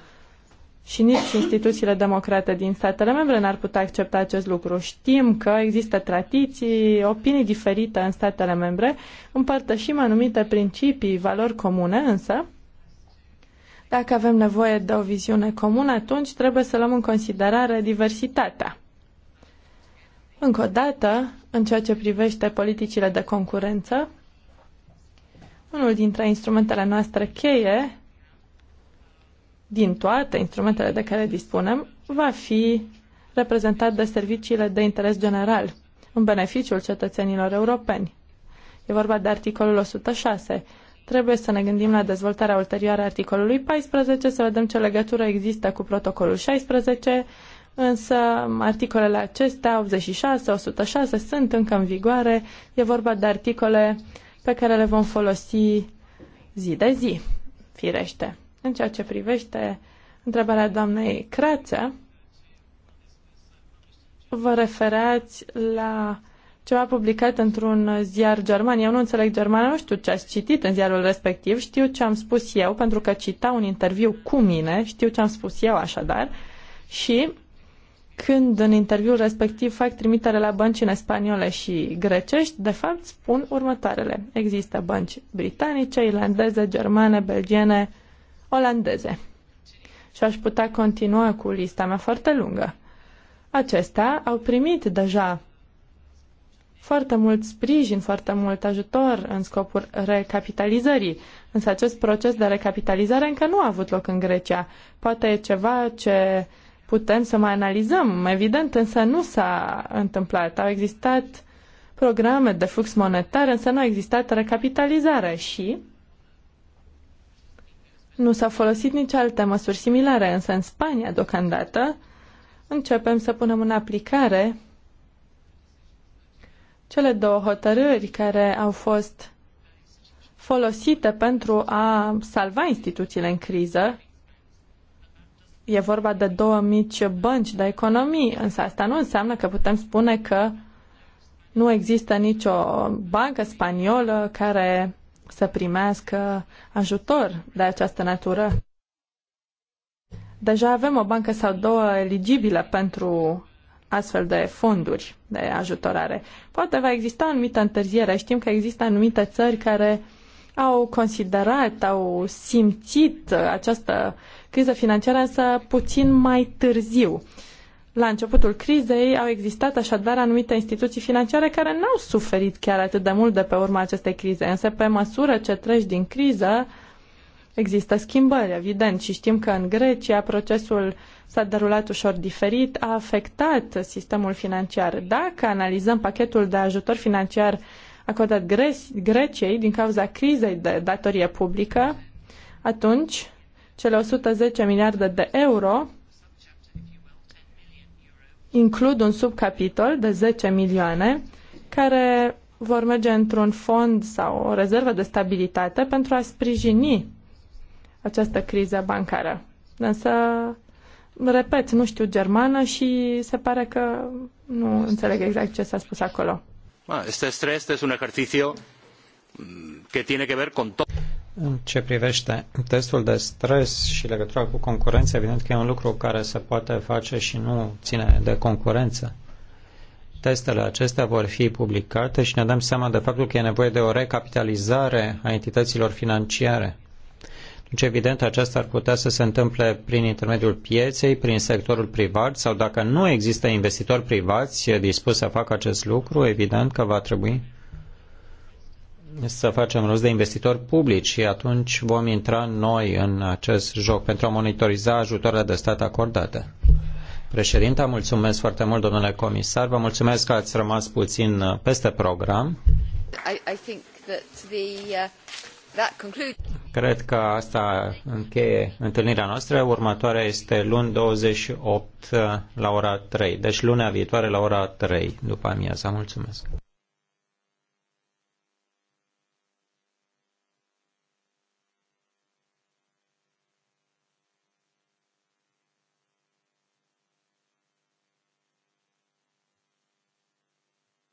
și nici instituțiile democrate din statele membre n-ar putea accepta acest lucru. Știm că există tradiții, opinii diferite în statele membre, împărtășim anumite principii, valori comune, însă dacă avem nevoie de o viziune comună, atunci trebuie să luăm în considerare diversitatea. Încă o dată, în ceea ce privește politicile de concurență, unul dintre instrumentele noastre cheie, din toate instrumentele de care dispunem, va fi reprezentat de serviciile de interes general, în beneficiul cetățenilor europeni. E vorba de articolul 106. Trebuie să ne gândim la dezvoltarea ulterioară a articolului 14, să vedem ce legătură există cu protocolul 16, însă articolele acestea, 86, 106, sunt încă în vigoare. E vorba de articole pe care le vom folosi zi de zi, firește. În ceea ce privește întrebarea doamnei Crață, vă referați la ceva publicat într-un ziar german. Eu nu înțeleg germană, nu știu ce ați citit în ziarul respectiv, știu ce am spus eu, pentru că cita un interviu cu mine, știu ce am spus eu așadar, și când în interviul respectiv fac trimitere la bănci în spaniole și grecești, de fapt spun următoarele. Există bănci britanice, irlandeze, germane, belgiene, olandeze. Și aș putea continua cu lista mea foarte lungă. Acestea au primit deja foarte mult sprijin, foarte mult ajutor în scopul recapitalizării. Însă acest proces de recapitalizare încă nu a avut loc în Grecia. Poate e ceva ce putem să mai analizăm, evident, însă nu s-a întâmplat. Au existat programe de flux monetar, însă nu a existat recapitalizare și nu s-au folosit nici alte măsuri similare, însă în Spania, deocamdată, începem să punem în aplicare cele două hotărâri care au fost folosite pentru a salva instituțiile în criză, e vorba de două mici bănci de economii, însă asta nu înseamnă că putem spune că nu există nicio bancă spaniolă care să primească ajutor de această natură. Deja avem o bancă sau două eligibile pentru astfel de fonduri de ajutorare. Poate va exista anumită întârziere. Știm că există anumite țări care au considerat, au simțit această criză financiară, însă puțin mai târziu. La începutul crizei au existat așadar anumite instituții financiare care n-au suferit chiar atât de mult de pe urma acestei crize, însă pe măsură ce treci din criză, uh, Există schimbări, evident, și știm că în Grecia procesul s-a derulat ușor diferit, a afectat sistemul financiar. Dacă analizăm pachetul de ajutor financiar acordat Gre Greciei din cauza crizei de datorie publică, atunci cele 110 miliarde de euro includ un subcapitol de 10 milioane care vor merge într-un fond sau o rezervă de stabilitate pentru a sprijini această criză bancară. Însă, repet, nu știu germană și se pare că nu înțeleg exact ce s-a spus acolo. Este stres, este un exercițiu care tiene que ver con tot. În ce privește testul de stres și legătura cu concurența, evident că e un lucru care se poate face și nu ține de concurență. Testele acestea vor fi publicate și ne dăm seama de faptul că e nevoie de o recapitalizare a entităților financiare. Deci, evident, aceasta ar putea să se întâmple prin intermediul pieței, prin sectorul privat sau dacă nu există investitori privați dispus să facă acest lucru, evident că va trebui să facem rost de investitori publici și atunci vom intra noi în acest joc pentru a monitoriza ajutoarele de stat acordate. Președinta, mulțumesc foarte mult, domnule comisar. Vă mulțumesc că ați rămas puțin peste program. I, I think that the, uh... Cred că asta încheie întâlnirea noastră. Următoarea este luni 28 la ora 3. Deci lunea viitoare la ora 3 după amiaza. Mulțumesc!